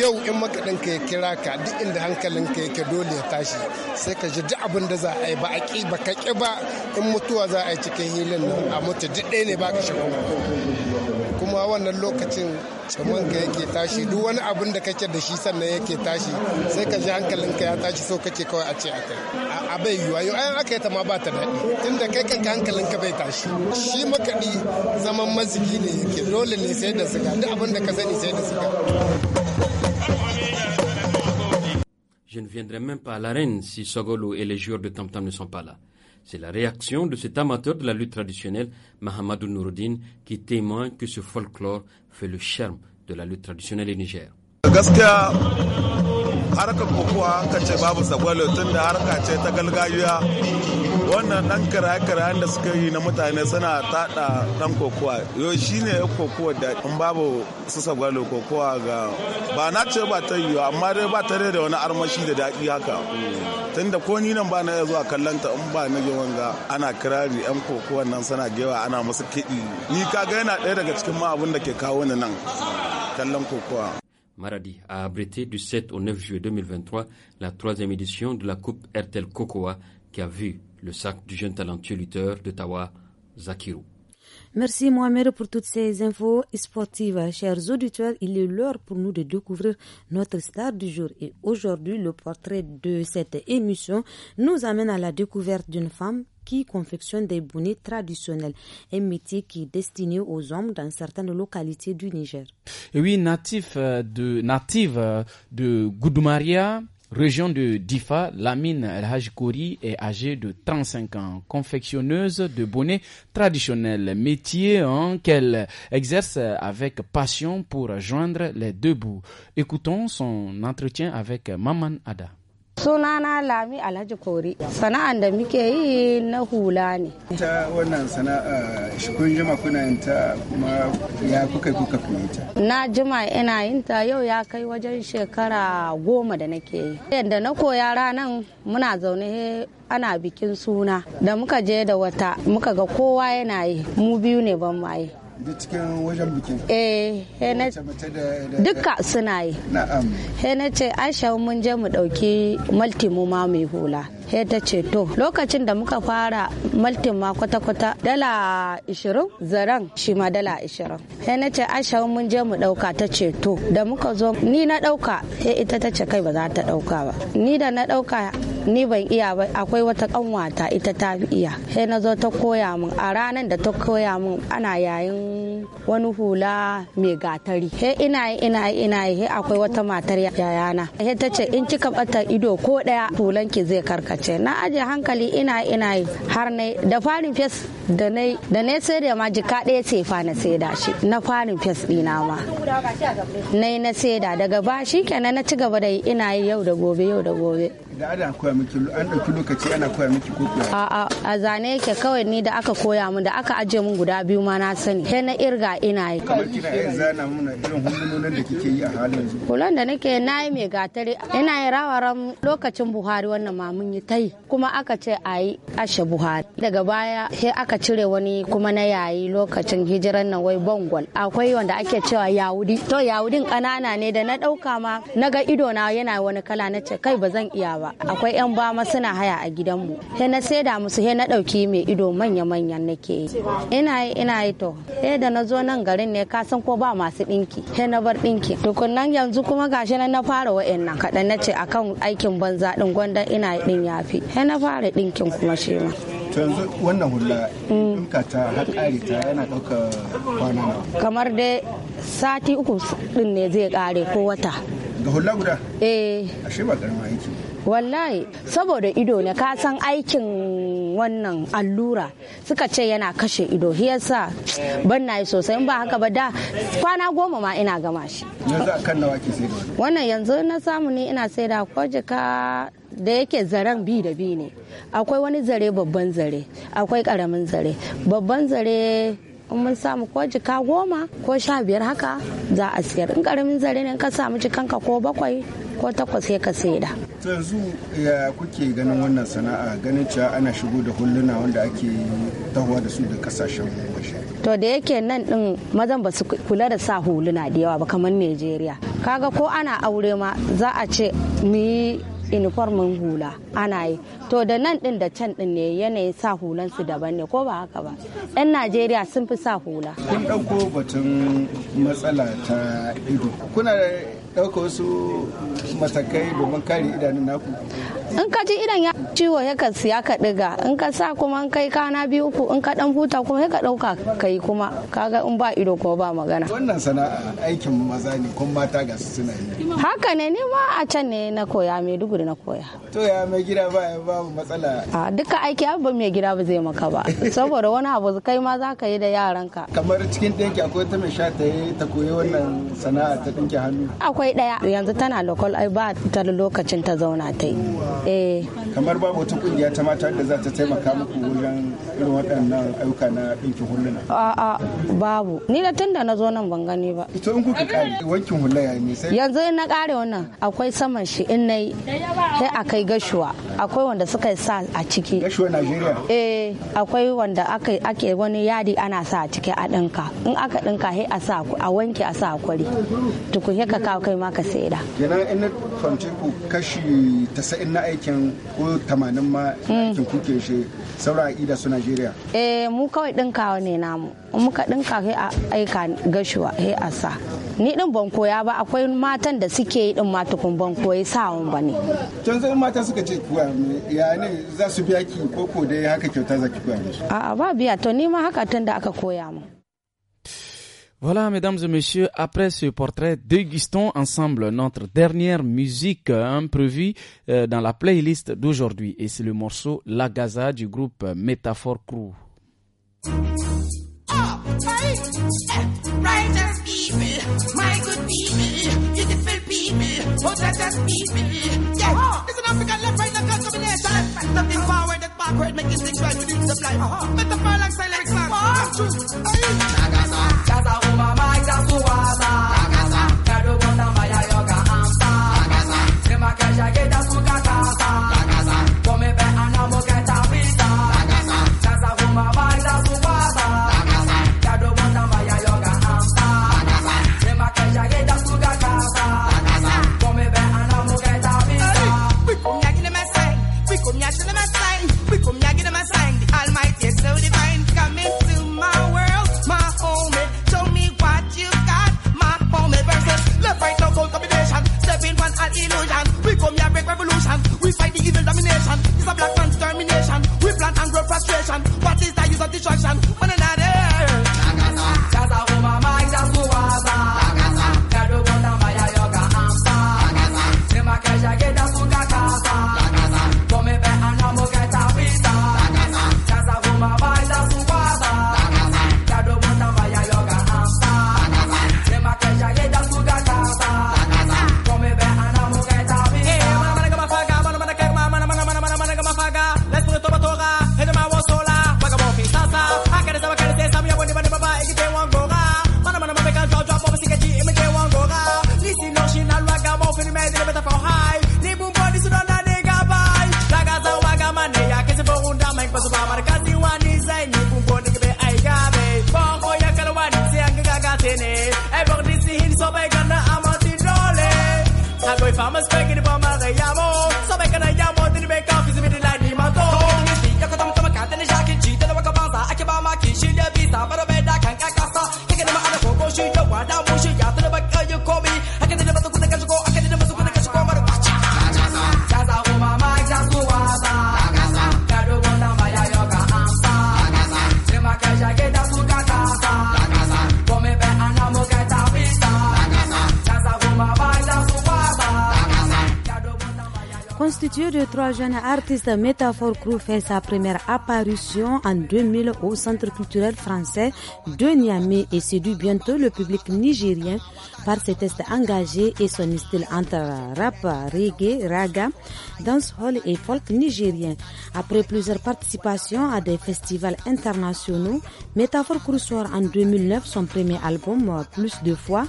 Speaker 8: yau in makaɗinka ya kira ka duk inda hankalinka yake dole ya tashi sai ka ji duk abin da za a yi ba a ƙi ba ka ƙi ba in mutuwa za a yi cikin hilin nan a mutu duk ɗaya ne ba ka shi kuma wannan lokacin saman ka yake tashi duk wani abin da kake da shi sannan yake tashi sai ka ji ka ya tashi so kake kawai a ce akai kai a bai yiwa yau ayan aka yi ta ma ba ta daɗi tunda kai hankalin ka bai tashi shi makaɗi zaman maziki ne yake dole ne sai da siga duk abin da ka sani sai da siga
Speaker 15: Je ne viendrai même pas à l'arène si Sogolo et les joueurs de Tam Tam ne sont pas là. C'est la réaction de cet amateur de la lutte traditionnelle, Mahamadou Nouroudine, qui témoigne que ce folklore fait le charme de la lutte traditionnelle au Niger.
Speaker 9: harkar kokowa ka ce babu sagwalo tun da harka ce ta galgajiya wannan dan kare kirayen da suka yi na mutane suna tada dan kokowa yau shi ne kokowa da in babu su sagwalo kokowa ga ba na ce ba ta yi amma dai ba ta da wani armashi da daɗi haka Tunda ko ni nan ba na zuwa kallon ta in ba na ga. ana kirari yan kokowa nan suna gewa ana musu kiɗi ni kaga yana ɗaya daga cikin ma abin da ke kawo ni nan
Speaker 15: kallon kokowa Maradi a abrité du 7 au 9 juillet 2023 la troisième édition de la Coupe RTL Cocoa qui a vu le sac du jeune talentueux lutteur Tawa Zakirou.
Speaker 2: Merci Mohamed pour toutes ces infos sportives. Chers auditeurs, il est l'heure pour nous de découvrir notre star du jour. Et aujourd'hui, le portrait de cette émission nous amène à la découverte d'une femme qui confectionne des bonnets traditionnels, un métier qui est destiné aux hommes dans certaines localités du Niger.
Speaker 1: oui, natif euh, de, native euh, de Goudoumaria, Région de Difa, Lamine El Hajkouri est âgée de 35 ans, confectionneuse de bonnets traditionnels, métier hein, qu'elle exerce avec passion pour joindre les deux bouts. Écoutons son entretien avec Maman Ada.
Speaker 16: sunana lami alhaji kori sana'an da muke yi na hula ne
Speaker 8: ta wannan sana'a shi kun jima kuna yin ta kuma ya kuka kuka fiye ta
Speaker 16: na jima ina yin ta yau ya kai wajen shekara goma da nake yi yadda na koya ranan muna zaune ana bikin suna da muka je da wata muka ga kowa yana yi mu biyu ne ban ma
Speaker 8: duk cikin wajen bikin
Speaker 16: eh duka suna yi na'am he na ce aisha mun je mu dauki multi mu ma mai hula sai ta ce to lokacin da muka fara maltin ma kwata-kwata dala 20 zaren shi ma dala 20 sai na ce aisha mun je mu dauka ta ce to da muka zo ni na dauka sai ita ta ce kai ba za ta dauka ba ni da na dauka ni ban iya ba akwai wata kanwata ita ta iya sai na zo ta koya min a ranar da ta koya min ana yayin wani hula mai gatari he ina yi ina yi ina yi akwai wata matar yayana he ta ce in kika bata ido ko daya hulanki zai karkace ce na aje hankali ina ina yi har na da farin fes da na sai da ma jika ɗaya ce fa na sai da shi na farin fes ɗina ma na na sai da daga ba shi kenan na ci gaba da yi ina yi yau da gobe yau da gobe da a zane yake kawai ni da aka koya mu da aka aje mun guda biyu ma na sani sai na irga ina yi kamar
Speaker 8: kina yin zana muna irin da kike yi a halin yanzu
Speaker 16: da nake na yi mai gatari ina yin rawaran lokacin buhari wannan ma mun yi tai kuma aka ce a yi ashe buhari daga baya sai aka cire wani kuma na yayi lokacin hijiran nan wai bangon. akwai wanda ake cewa yahudi to yahudin ƙanana ne da na ɗauka ma na ga ido na yana wani kala na ce kai ba zan iya ba ba akwai yan bama suna haya a gidanmu he na saida musu he na dauki mai ido manya manyan nake yi ina yi ina yi to he da na zo nan garin ne ka san ko ba masu dinki he na bar dinki tukunnan yanzu kuma gashi nan na fara wa'annan kadan na ce akan aikin banza din gwanda ina yi din yafi he na fara dinkin kuma shi ma
Speaker 8: to yanzu wannan hula mm. ka ta har kare ta yana dauka kwana
Speaker 16: kamar dai sati uku din ne zai kare ko wata ga hula guda eh
Speaker 8: ashe ba karama aiki
Speaker 16: wallahi saboda ido ne ka san aikin wannan allura suka ce yana kashe ido yasa ban na yi sosai in ba haka ba da kwana goma ma ina gama shi a wannan yanzu na samu ne ina sai da ko da yake zaren bi da bi ne akwai wani zare babban zare akwai karamin zare babban zare in mun samu ko jika goma ko sha biyar haka za a siyar in karamin zare ne ka samu jikan ka ko bakwai ko takwas sai ka saida.
Speaker 8: to yanzu ya kuke ganin wannan sana'a ganin cewa ana shigo da hulluna wanda ake tahowa da su da kasashen waje.
Speaker 16: to da yake nan din mazan ba su kula da sa huluna da yawa ba kamar Najeriya kaga ko ana aure ma za a ce mu uniformin hula ana yi to da nan din da can din ne yanayin sa hulan su daban ne ko ba haka ba yan najeriya sun fi sa hula
Speaker 8: kun dauko batun matsala ta ido kuna dauko wasu matakai domin kare idanun naku
Speaker 16: in ka ji idan ya ciwo ya ka siya ka ɗiga in ka sa kuma in kai kana biyu uku in ka ɗan huta kuma ya ka ɗauka ka yi kuma kaga in ba ido ko ba magana.
Speaker 8: Wannan sana'a aikin maza ne kuma mata ga su suna yi.
Speaker 16: Haka ne ni ma a can ne na koya mai dubu na koya.
Speaker 8: To ya mai gida ba ya babu matsala.
Speaker 16: A duka aiki abin mai gida ba zai maka ba saboda wani abu kai ma za ka yi da yaranka.
Speaker 8: Kamar cikin ɗinki akwai ta mai sha ta yi ta koyi wannan sana'a ta ɗinki hannu.
Speaker 16: Akwai ɗaya yanzu tana lokal ai ba ta lokacin ta zauna ta yi. Eh.
Speaker 8: Kamar ba babu wata kungiya ta mata da za ta taimaka muku wajen irin waɗannan ayyuka na ɗinkin huluna.
Speaker 16: A'a babu. Ni da da na zo nan ban gani ba.
Speaker 8: Ito in kuka kare wankin hula ya ne sai.
Speaker 16: Yanzu na kare wannan akwai saman shi in na yi sai a kai gashuwa akwai wanda suka sa
Speaker 8: a ciki. Gashuwa Najeriya.
Speaker 16: Eh akwai wanda aka ake wani yadi ana sa a ciki a ɗinka in aka ɗinka sai a sa a wanke a sa a kwari tukun ka kawo kai ma ka saida.
Speaker 8: Yana in na ku kashi tasa'in na aikin ko tamanin ma aikin kuke shi saura ida su Najeriya.
Speaker 16: Eh mu kawai kawo ne namu muka din ka kai aika gashuwa he a sa. Ni ɗin ban koya ba akwai matan da suke yi din ma matukun ban koyi sawon
Speaker 8: ba ne. Can zai mata suka ce kuwa ya ne za su biya ki ko ko dai haka kyauta za ki koya musu.
Speaker 16: A'a ba biya to ni ma haka tun da aka koya mu.
Speaker 1: Voilà, mesdames et messieurs, après ce portrait de guston ensemble, notre dernière musique imprévue hein, euh, dans la playlist d'aujourd'hui. Et c'est le morceau La Gaza du groupe Métaphore Crew.
Speaker 6: Oh, eh, esta bomba
Speaker 2: constitué de trois jeunes artistes, Métaphore Crew fait sa première apparition en 2000 au Centre culturel français de Niamey et séduit bientôt le public nigérien par ses tests engagés et son style entre rap, reggae, raga, dancehall et folk nigérien. Après plusieurs participations à des festivals internationaux, Métaphore Crew sort en 2009 son premier album Plus de fois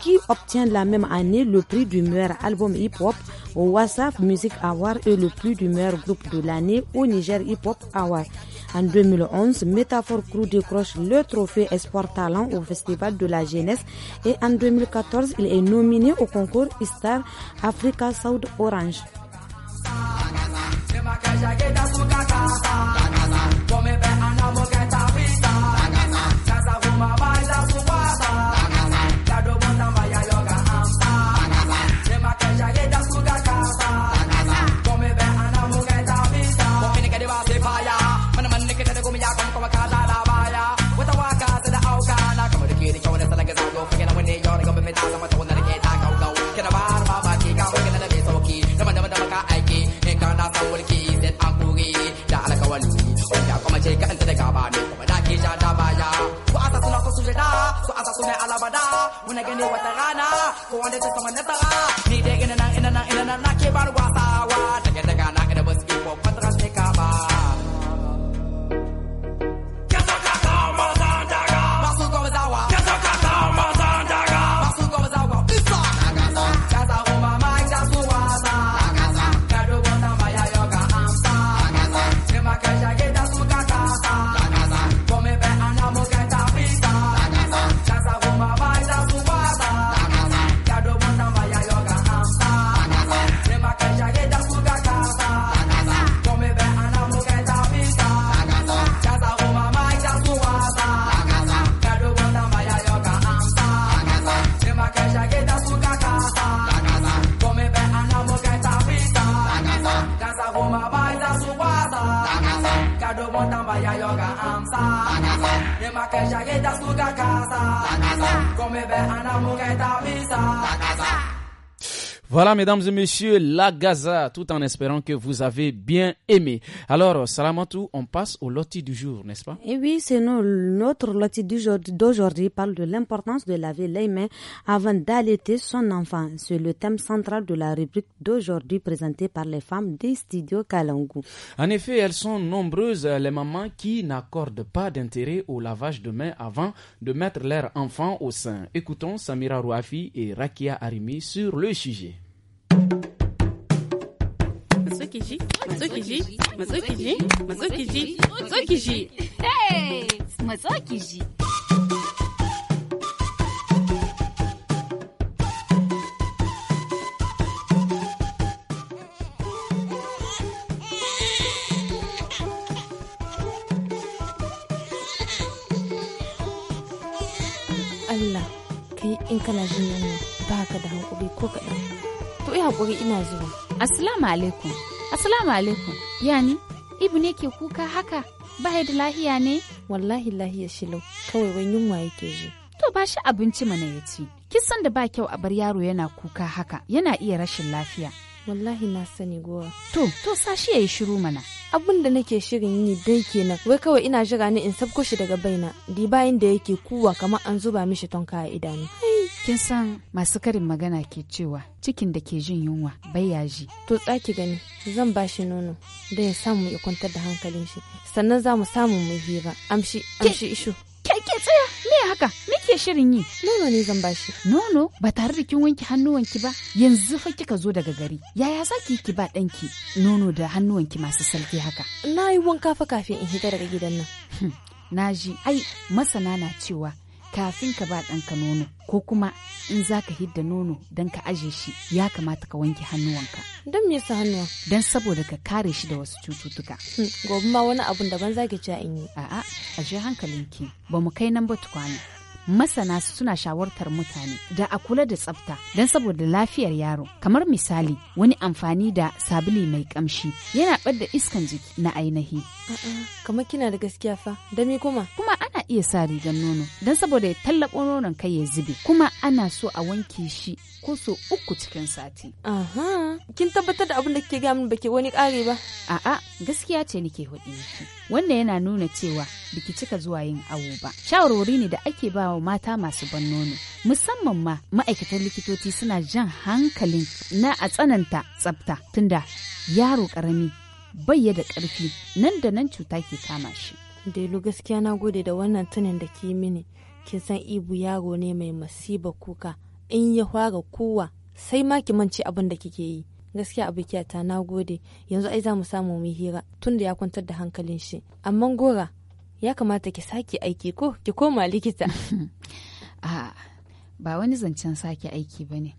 Speaker 2: qui obtient la même année le prix du meilleur album hip-hop au WhatsApp Music Award et le prix du meilleur groupe de l'année au Niger Hip-Hop Award. En 2011, Métaphore Crew décroche le trophée Espoir Talent au Festival de la Jeunesse et en 2014, il est nominé au concours Star Africa South Orange.
Speaker 6: alabada Una gani watarana Ko wanda ta samanatara Ni dai ina nan ina nan ina nan na ke barwa
Speaker 1: Voilà, mesdames et messieurs, la Gaza, tout en espérant que vous avez bien aimé. Alors, Salamatu, on passe au loti du jour, n'est-ce pas
Speaker 2: Eh oui, c'est notre loti du jour d'aujourd'hui parle de l'importance de laver les mains avant d'allaiter son enfant. C'est le thème central de la rubrique d'aujourd'hui présentée par les femmes des studios
Speaker 1: Kalangu. En effet, elles sont nombreuses les mamans qui n'accordent pas d'intérêt au lavage de mains avant de mettre leur enfant au sein. Écoutons Samira Rouafi et Rakia Arimi sur le sujet.
Speaker 10: matso ki ji matso ki ji matso ki ji matso ki ji matso ki ji
Speaker 17: matso ki ji Allah kai in kana jin ba ka da hankali ko kaɗan to yi haƙuri ina zuwa Assalamu alaikum. Assalamu alaikum. Yani, ibu ne ke kuka haka? Ba da lahiya ne? Wallahi lahiya shilau. Kawai wani yunwa yake ji. To ba shi abinci mana ya ci. Kisan da ba kyau a bar yaro yana kuka haka, yana iya rashin lafiya. Wallahi na sani gowa. To, to sa shi ya yi shiru mana. Abin da nake shirin yi dai kenan, wai kawai ina jira ni in sabko shi daga baina, di bayan da yake kuwa kamar an zuba mishi tonka a idanu. kin san masu karin magana ke cewa cikin da ke jin yunwa bai yaji to tsaki gani zan ba shi nono da ya samu ya kwantar da hankalin shi sannan za mu samu mu hira amshi amshi ishu ke ke tsaya me haka me ke shirin yi nono ne zan bashi nono ba tare da kin wanke hannuwanki ba yanzu fa kika zo daga gari yaya za yi ki ba danki nono da hannuwanki masu salfi haka na yi wanka fa kafin in hita daga gidan nan na ji ai masana na cewa kafin ka ba ɗanka nono ko kuma in za ka hidda nono don ka aje shi ya kamata ka wanke hannuwanka.
Speaker 10: Don me yasa hannuwa?
Speaker 17: Don saboda ka kare shi da wasu cututtuka. Hmm, gobe ma wani abun daban zaki ci in yi. A'a, a hankalin hankalinki ba mu kai nan ba tukwana. masana suna shawartar mutane da a kula da tsafta don saboda lafiyar yaro kamar misali wani amfani da sabili mai kamshi yana ɓadda iskan jiki na ainihi kamar kina da gaskiya fa da mi kuma kuma ana iya sa rigar nono don saboda ya tallabo nonon kai ya zube kuma ana so a wanke shi ko so uku cikin sati. Aha, kin tabbatar da abin da kike ga min ke wani ƙare ba? A'a, gaskiya ce nake hudi miki. Wannan yana nuna cewa biki cika zuwa yin awo ba. Shawarwari ne da ake ba wa mata masu ban nono. Musamman ma ma'aikatan likitoci suna jan hankalin na a tsananta tsafta tunda yaro karami bayya da ƙarfi nan da nan cuta ke kama shi. Delu gaskiya na gode da wannan tunin da ke mini. Kin san Ibu yaro ne mai masiba kuka. in ya fara kowa sai ma ki mance abin da kike yi gaskiya ta na gode yanzu ai za mu samu mu hira tunda ya kwantar da hankalin shi amma gora ya kamata ki sake aiki ko ki koma likita a ba wani zancen sake aiki ba ne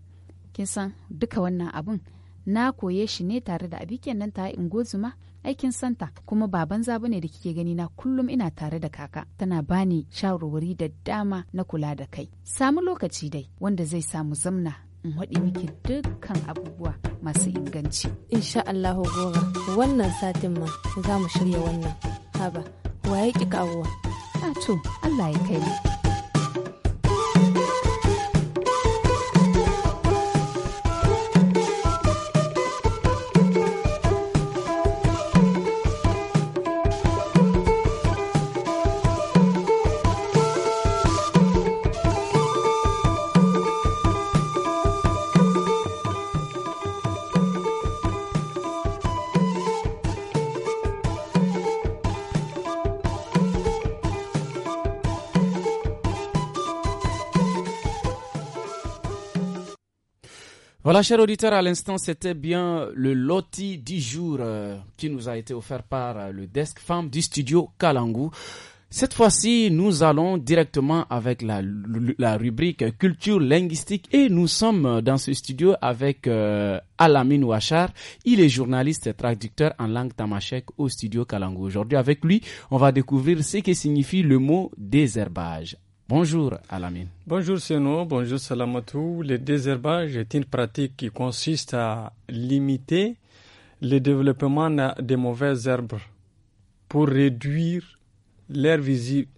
Speaker 17: kin san duka wannan abun na koye shi ne tare da abikin nan ta ingozuma aikin santa kuma ba banza bane da kike gani na kullum ina tare da kaka tana bani shawarwari da dama na kula da kai samu lokaci dai wanda zai samu zamna in haɗi miki dukkan abubuwa masu inganci insha Allah gora wannan satin ma za mu shirya wannan haba waye ki kawo a ah, to Allah ya kai mu
Speaker 1: Voilà, chers auditeurs, à l'instant, c'était bien le loti du jour euh, qui nous a été offert par euh, le desk femme du studio Kalangu. Cette fois-ci, nous allons directement avec la, rubrique culture linguistique et nous sommes dans ce studio avec Alamin euh, Alamine Ouachar. Il est journaliste et traducteur en langue tamashek au studio Kalangu. Aujourd'hui, avec lui, on va découvrir ce que signifie le mot désherbage. Bonjour Alamine.
Speaker 18: Bonjour Seno, bonjour Salamatou. Le désherbage est une pratique qui consiste à limiter le développement des mauvaises herbes pour réduire leur, visibilité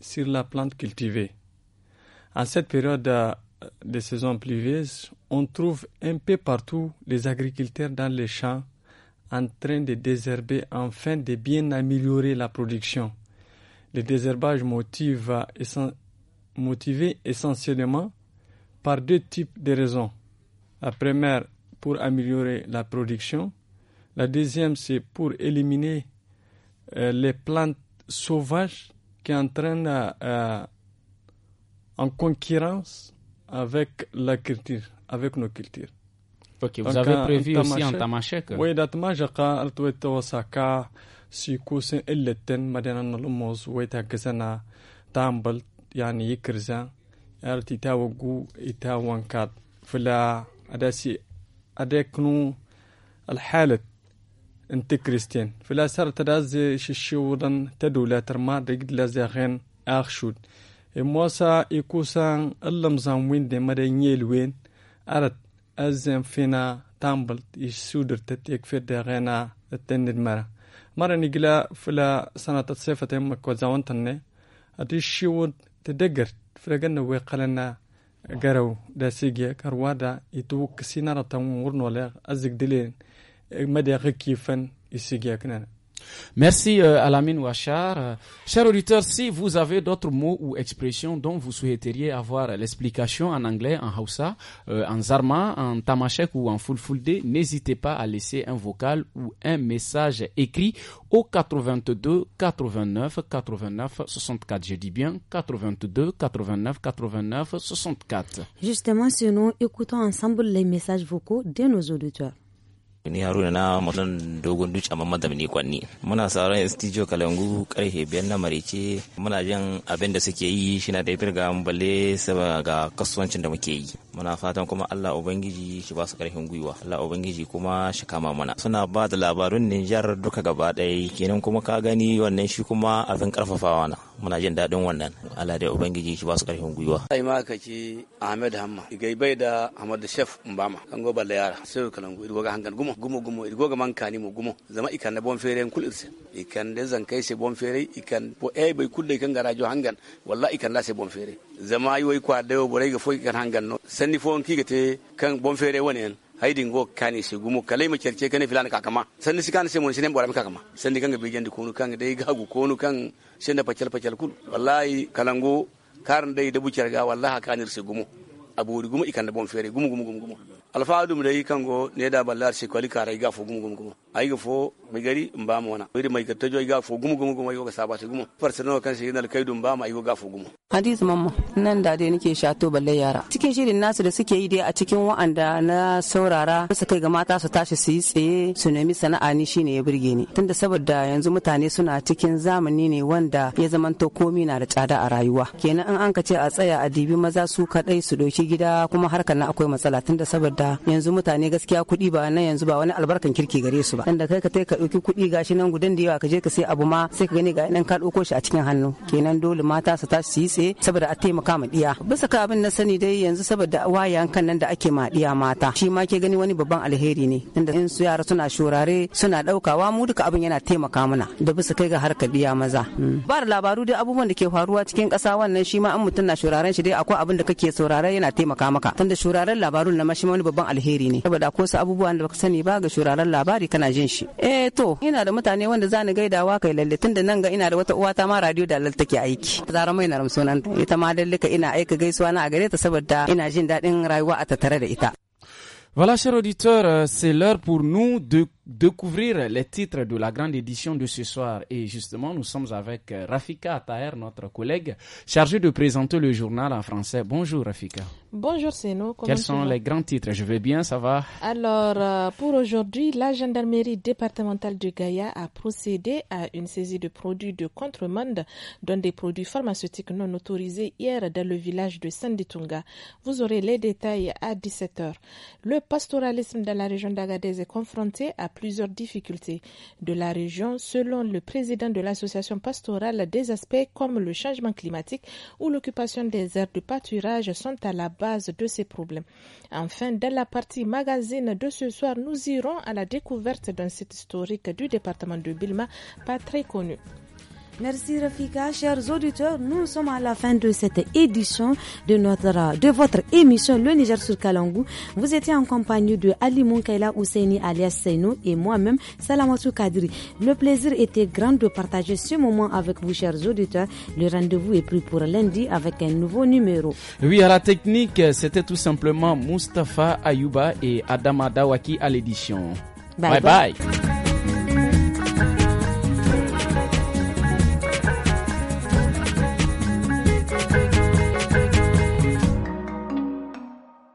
Speaker 18: sur la plante cultivée. En cette période euh, de saison pluvieuse, on trouve un peu partout les agriculteurs dans les champs en train de désherber afin de bien améliorer la production. Le désherbage motive, motivé essentiellement par deux types de raisons. La première, pour améliorer la production. La deuxième, c'est pour éliminer euh, les plantes sauvages qui entraînent euh, euh, en concurrence avec la culture, avec nos cultures. vous avez prévu aussi en Oui, سيكوسن إلتن مدينة نلموز ويتاكسنا تامبل يعني يكرزا أرتي تاوغو إتاوان كات فلا أداسي أداكنو الحالة انت كريستين فلا سر تداز ششورن تدولا ترما دقد لازاخين آخشود موسى إيكوسان اللمزان وين دي مدينيل وين أرد أزم فينا تامبل يسودر تتيك في دغينا التند مرة maran igila fila sanatat sefatemak wazawantanne ati shiwud tedegert filaganawe qalana garaw dasigya karwada ituwuk sinaratan wurnolek azig dilen madeqi kifan isigya knana Merci euh, Alamine Ouachar. Euh,
Speaker 1: chers auditeurs, si vous avez d'autres mots ou expressions dont vous souhaiteriez avoir l'explication en anglais, en Hausa, euh, en Zarma, en Tamashek ou en Fulfulde, n'hésitez pas à laisser un vocal ou un message écrit au 82 89 89 64. Je dis bien 82 89 89 64.
Speaker 2: Justement, sinon, écoutons ensemble les messages vocaux de nos auditeurs.
Speaker 19: ni haruna na mutum dogon duci a madamni kwanni muna sauran studio kalangu karfe biyar na marice muna jin abin da suke yi shi na da firga balle ga kasuwancin da muke yi muna fatan kuma allah ubangiji shi ba su karfin gwiwa allah ubangiji kuma shi kama mana suna ba da labarun nijar duka gaba ɗaya kenan kuma ka gani wannan shi kuma abin karfafawa na muna jin daɗin wannan allah da ubangiji shi ba su karfin gwiwa
Speaker 13: ai ma kaci ahmed hamma gaibai da ahmed shef mbama kango balle yara sai kalangu ido ga hankan gumo gumo gumo irgo goga man kani mo gumo zama ikan na bon fere kul irse ikan de zan kai se bon fere ikan po e eh, bay kulle kan garajo hangan walla ikan la se bon fere zama yi wai kwa da bo ga fo kan hangan no sanni fo ki gate kan bon fere wani haidin go kani se gumo kalai ma cerce kan filan ka kama sanni si kan se mon sinen bora ka kama sanni kan ga bijan di kunu kan ga gu konu kan sen pacal pacal kul wallahi kalango karan dai da bu ga wallahi kanir se gumo abu gumo ikan da bon fere gumo gumo gumo gumo alfa da dai kango ne da ballar se kwali kara iga fo gumu gumu gumu ai ga fo mai gari in ba mu wana wiri mai gatta jo iga fo gumu gumu yi ai ga sabata gumu farsana kan shi nal kaidun ba mu ai ga fo gumu
Speaker 19: hadisu mamma nan da dai nake shato balle yara cikin shirin nasu da suke yi dai a cikin wa'anda na saurara su kai ga mata su tashi su yi tsaye su nemi sana'a ni shine ya burge ni tunda saboda yanzu mutane suna cikin zamani ne wanda ya zamanto komi na da tsada a rayuwa kenan in an ka ce a tsaya a dibi maza su kadai su doki gida kuma harkar na akwai matsala tunda saboda yanzu mutane gaskiya kuɗi ba na yanzu ba wani albarkan kirki gare su ba da kai ka tai ka ɗauki kuɗi gashi nan gudan da yawa ka je ka sai abu ma sai ka gani ga nan ka ɗauko shi a cikin hannu kenan dole mata su tashi su yi tsaye saboda a taimaka ma ɗiya bisa ka abin na sani dai yanzu saboda wayan kan nan da ake ma ɗiya mata shi ma ke gani wani babban alheri ne da in su yara suna shorare suna ɗaukawa mu duka abin yana taimaka mana da bisa kai ga harkar ɗiya maza hmm. ba da labaru dai abubuwan da ke faruwa cikin ƙasa wannan shi ma an mutum na shoraren shi dai akwai abin da kake saurare yana taimaka maka tunda shoraren labarun na mashi wani babban alheri ne saboda ko su abubuwan da baka sani ba ga shuraren labari kana jin shi eh to ina da mutane wanda zani gaidawa kai lalle tunda nan ga ina da wata uwa ta ma radio da lalle take aiki zara mai na ramsunan ita ma lalle ka ina aika gaisuwa na a gare ta saboda ina jin daɗin rayuwa a tattare da ita
Speaker 1: Voilà, chers auditeurs, euh, c'est l'heure pour nous de découvrir les titres de la grande édition de ce soir. Et justement, nous sommes avec euh, Rafika Taher, notre collègue chargé de présenter le journal en français. Bonjour Rafika.
Speaker 10: Bonjour nous Quels sont les
Speaker 1: grands titres Je vais bien, ça va
Speaker 10: Alors, euh, pour aujourd'hui, la gendarmerie départementale de Gaïa a procédé à une saisie de produits de contre-monde dont des produits pharmaceutiques non autorisés hier dans le village de Sanditunga. Vous aurez les détails à 17h. Le pastoralisme dans la région d'Agadez est confronté à plusieurs difficultés de la région, selon le président de l'association pastorale. Des aspects comme le changement climatique ou l'occupation des aires de pâturage sont à la base de ces problèmes. Enfin, dans la partie magazine de ce soir, nous irons à la découverte d'un site historique du département de Bilma, pas très connu.
Speaker 2: Merci Rafika, chers auditeurs, nous sommes à la fin de cette édition de notre de votre émission Le Niger sur Kalangou. Vous étiez en compagnie de Ali Munkaila Ousseini alias Seino, et moi-même Salamatou Kadri. Le plaisir était grand de partager ce moment avec vous chers auditeurs. Le rendez-vous est pris pour lundi avec un nouveau numéro.
Speaker 1: Oui, à la technique, c'était tout simplement Mustafa Ayuba et Adama Dawaki à l'édition. bye. bye.